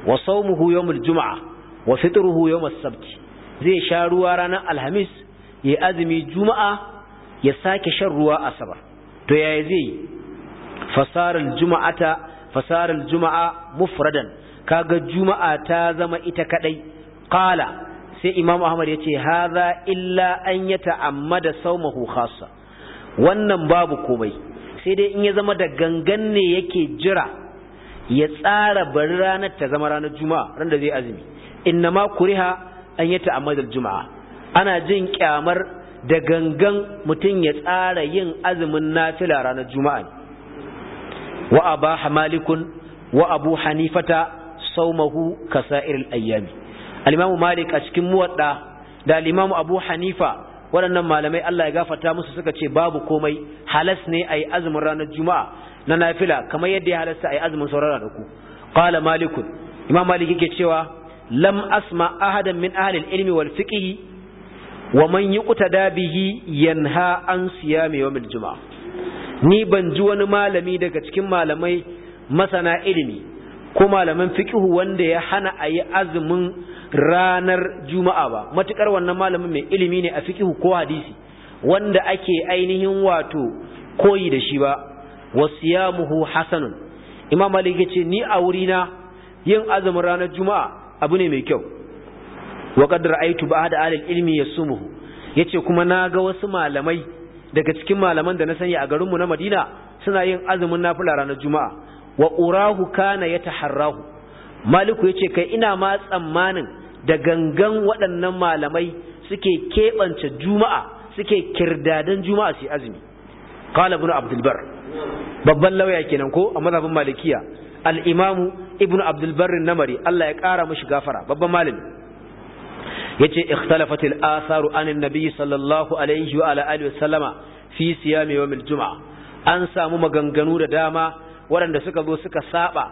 wa sawmuhu yawmul juma'a wa fitruhu yawmus sabt zai sha ruwa ranar alhamis ya azumi juma'a ya sake shan ruwa asabar to yaya zai fasarar juma'ata fasarar juma'a mufradan kaga juma'a ta zama ita kadai qala sai imam ahmad ya ce haza illa an ya da saumahu khassa wannan babu komai sai dai in ya zama da gangan ne yake jira ya tsara bari ranar ta zama ranar juma'a ran da zai azumi inna ma kuriha an yi ta'ammadul juma'a ana jin kyamar da gangan mutum ya tsara yin azumin nafila ranar juma'a wa aba malikun wa abu hanifata saumahu kasa'iril ayyami al malik a cikin muwadda da al abu hanifa waɗannan malamai Allah ya gafata musu suka ce babu komai halas ne a yi azumin ranar juma'a na nafila kamar yadda ya halasta a yi azumin saurara da ku qala malikun imam malik yake cewa lam asma ahadan min ahli ilmi wal fiqh wa man yuqtada bihi yanha an siyami yawm al juma'a ni ban ji wani malami daga cikin malamai masana ilimi ko malaman fiqh wanda ya hana a yi azumin ranar juma'a ba matukar wannan malamin mai ilimi ne a fiqh ko hadisi wanda ake ainihin wato koyi da shi ba wa siyamuhu hasanun imam malik yace ni a wuri na yin azumin ranar juma'a abu ne mai kyau wa qad ra'aytu ba'da ahli ilmi yasumuhu yace kuma na ga wasu malamai daga cikin malaman da na sani a garinmu na Madina suna yin azumin nafila ranar juma'a wa urahu kana yataharrahu maliku yace kai ina ma tsammanin da gangan waɗannan malamai suke keɓance juma'a suke kirdadan juma'a su azumi qala ibn abdul babban lauya kenan ko a mazhabin malikiya al-imamu ibnu abdul barr namari Allah ya kara mishi gafara babban malami yace ikhtalafat al-atharu an an-nabi sallallahu alaihi wa alihi wasallama fi siyam yawm al-jum'a an samu maganganu da dama waɗanda suka zo suka saba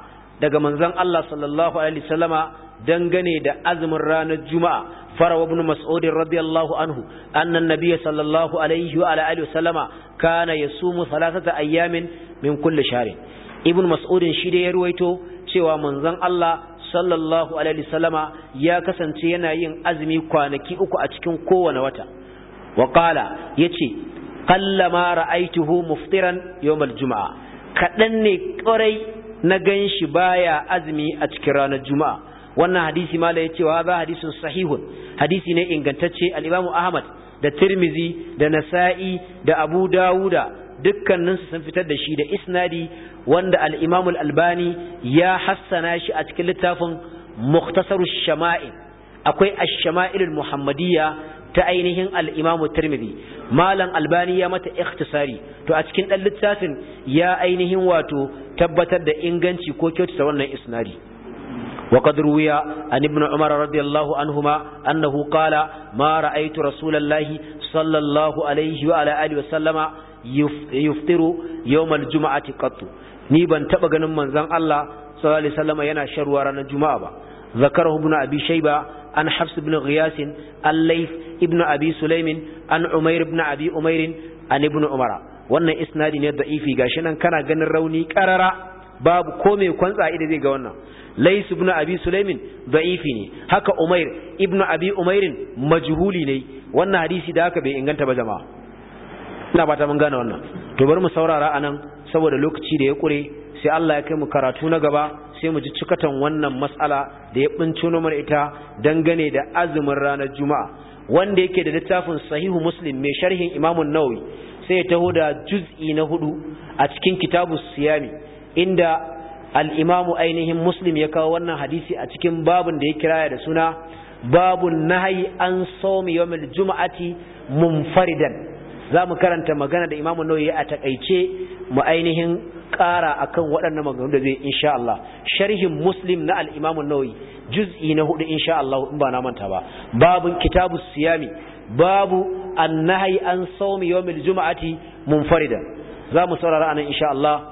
daga manzon Allah sallallahu alaihi wasallama dangane da azumin ranar juma'a farawa ibn mas'ud radiyallahu anhu annan nabiyyi sallallahu alaihi wa ala alihi sallama kana yasumu thalathata ayyamin min kulli shahrin ibn mas'ud shi da ya ruwaito cewa manzon Allah sallallahu alaihi sallama ya kasance yana yin azumi kwanaki uku a cikin kowane wata wa qala yace qallama ra'aytuhu muftiran yawmal juma'a kadan ne kwarai na ganshi baya azumi a cikin ranar juma'a wannan hadisi mala ya ce wa za hadisin sahihun hadisi ne ingantacce al'imamu ahmad da tirmizi da nasa'i da abu dawuda dukkaninsu sun fitar da shi da isnadi wanda al'imamu albani ya hassana shi a cikin littafin muktasaru shama'il akwai ash-shama'ilul muhammadiyya ta ainihin al'imamu tirmizi malam albani ya mata ikhtisari to a cikin ɗan littafin ya ainihin wato tabbatar da inganci ko kyautata wannan isnadi وقد روي عن ابن عمر رضي الله عنهما أنه قال ما رأيت رسول الله صلى الله عليه وعلى آله وسلم يفطر يوم الجمعة قط ni ban taɓa ganin manzon Allah sallallahu alaihi wasallam yana sharwa ranar juma'a ba zakarahu ibn abi an hafs ibn ghiyas an layth ibn abi an umair ibn abi umair an ibn umara wannan isnadi ne da'ifi gashi nan kana ganin rauni karara babu ko mai kwantsa ida zai ga wannan lais ibn abi sulaimin da'ifi ne haka umair ibn abi umairin majhuli ne wannan hadisi da haka bai inganta ba jama'a ina ba mun gane wannan to bari mu saurara anan saboda lokaci da ya kure sai Allah ya kai mu karatu na gaba sai mu ji cikatan wannan matsala da ya bincino mana ita dangane da azumin ranar juma'a wanda yake da littafin sahihu muslim mai sharhin imamun nawawi sai ya taho da juz'i na hudu a cikin kitabu siyami inda al'imamu ainihin muslim ya kawo wannan hadisi a cikin babun da ya kiraya da suna babun nahayi an saumi yawmil juma'ati munfaridan za mu karanta magana da imamu nauyi a takaice mu ainihin ƙara kan waɗannan maganganu da zai insha Allah sharhin muslim na al'imamu nauyi juz'i na hudu insha Allah in ba na manta ba babun kitabu siyami babu an annahi an saumi yawmil juma'ati munfarida za mu saurara anan insha Allah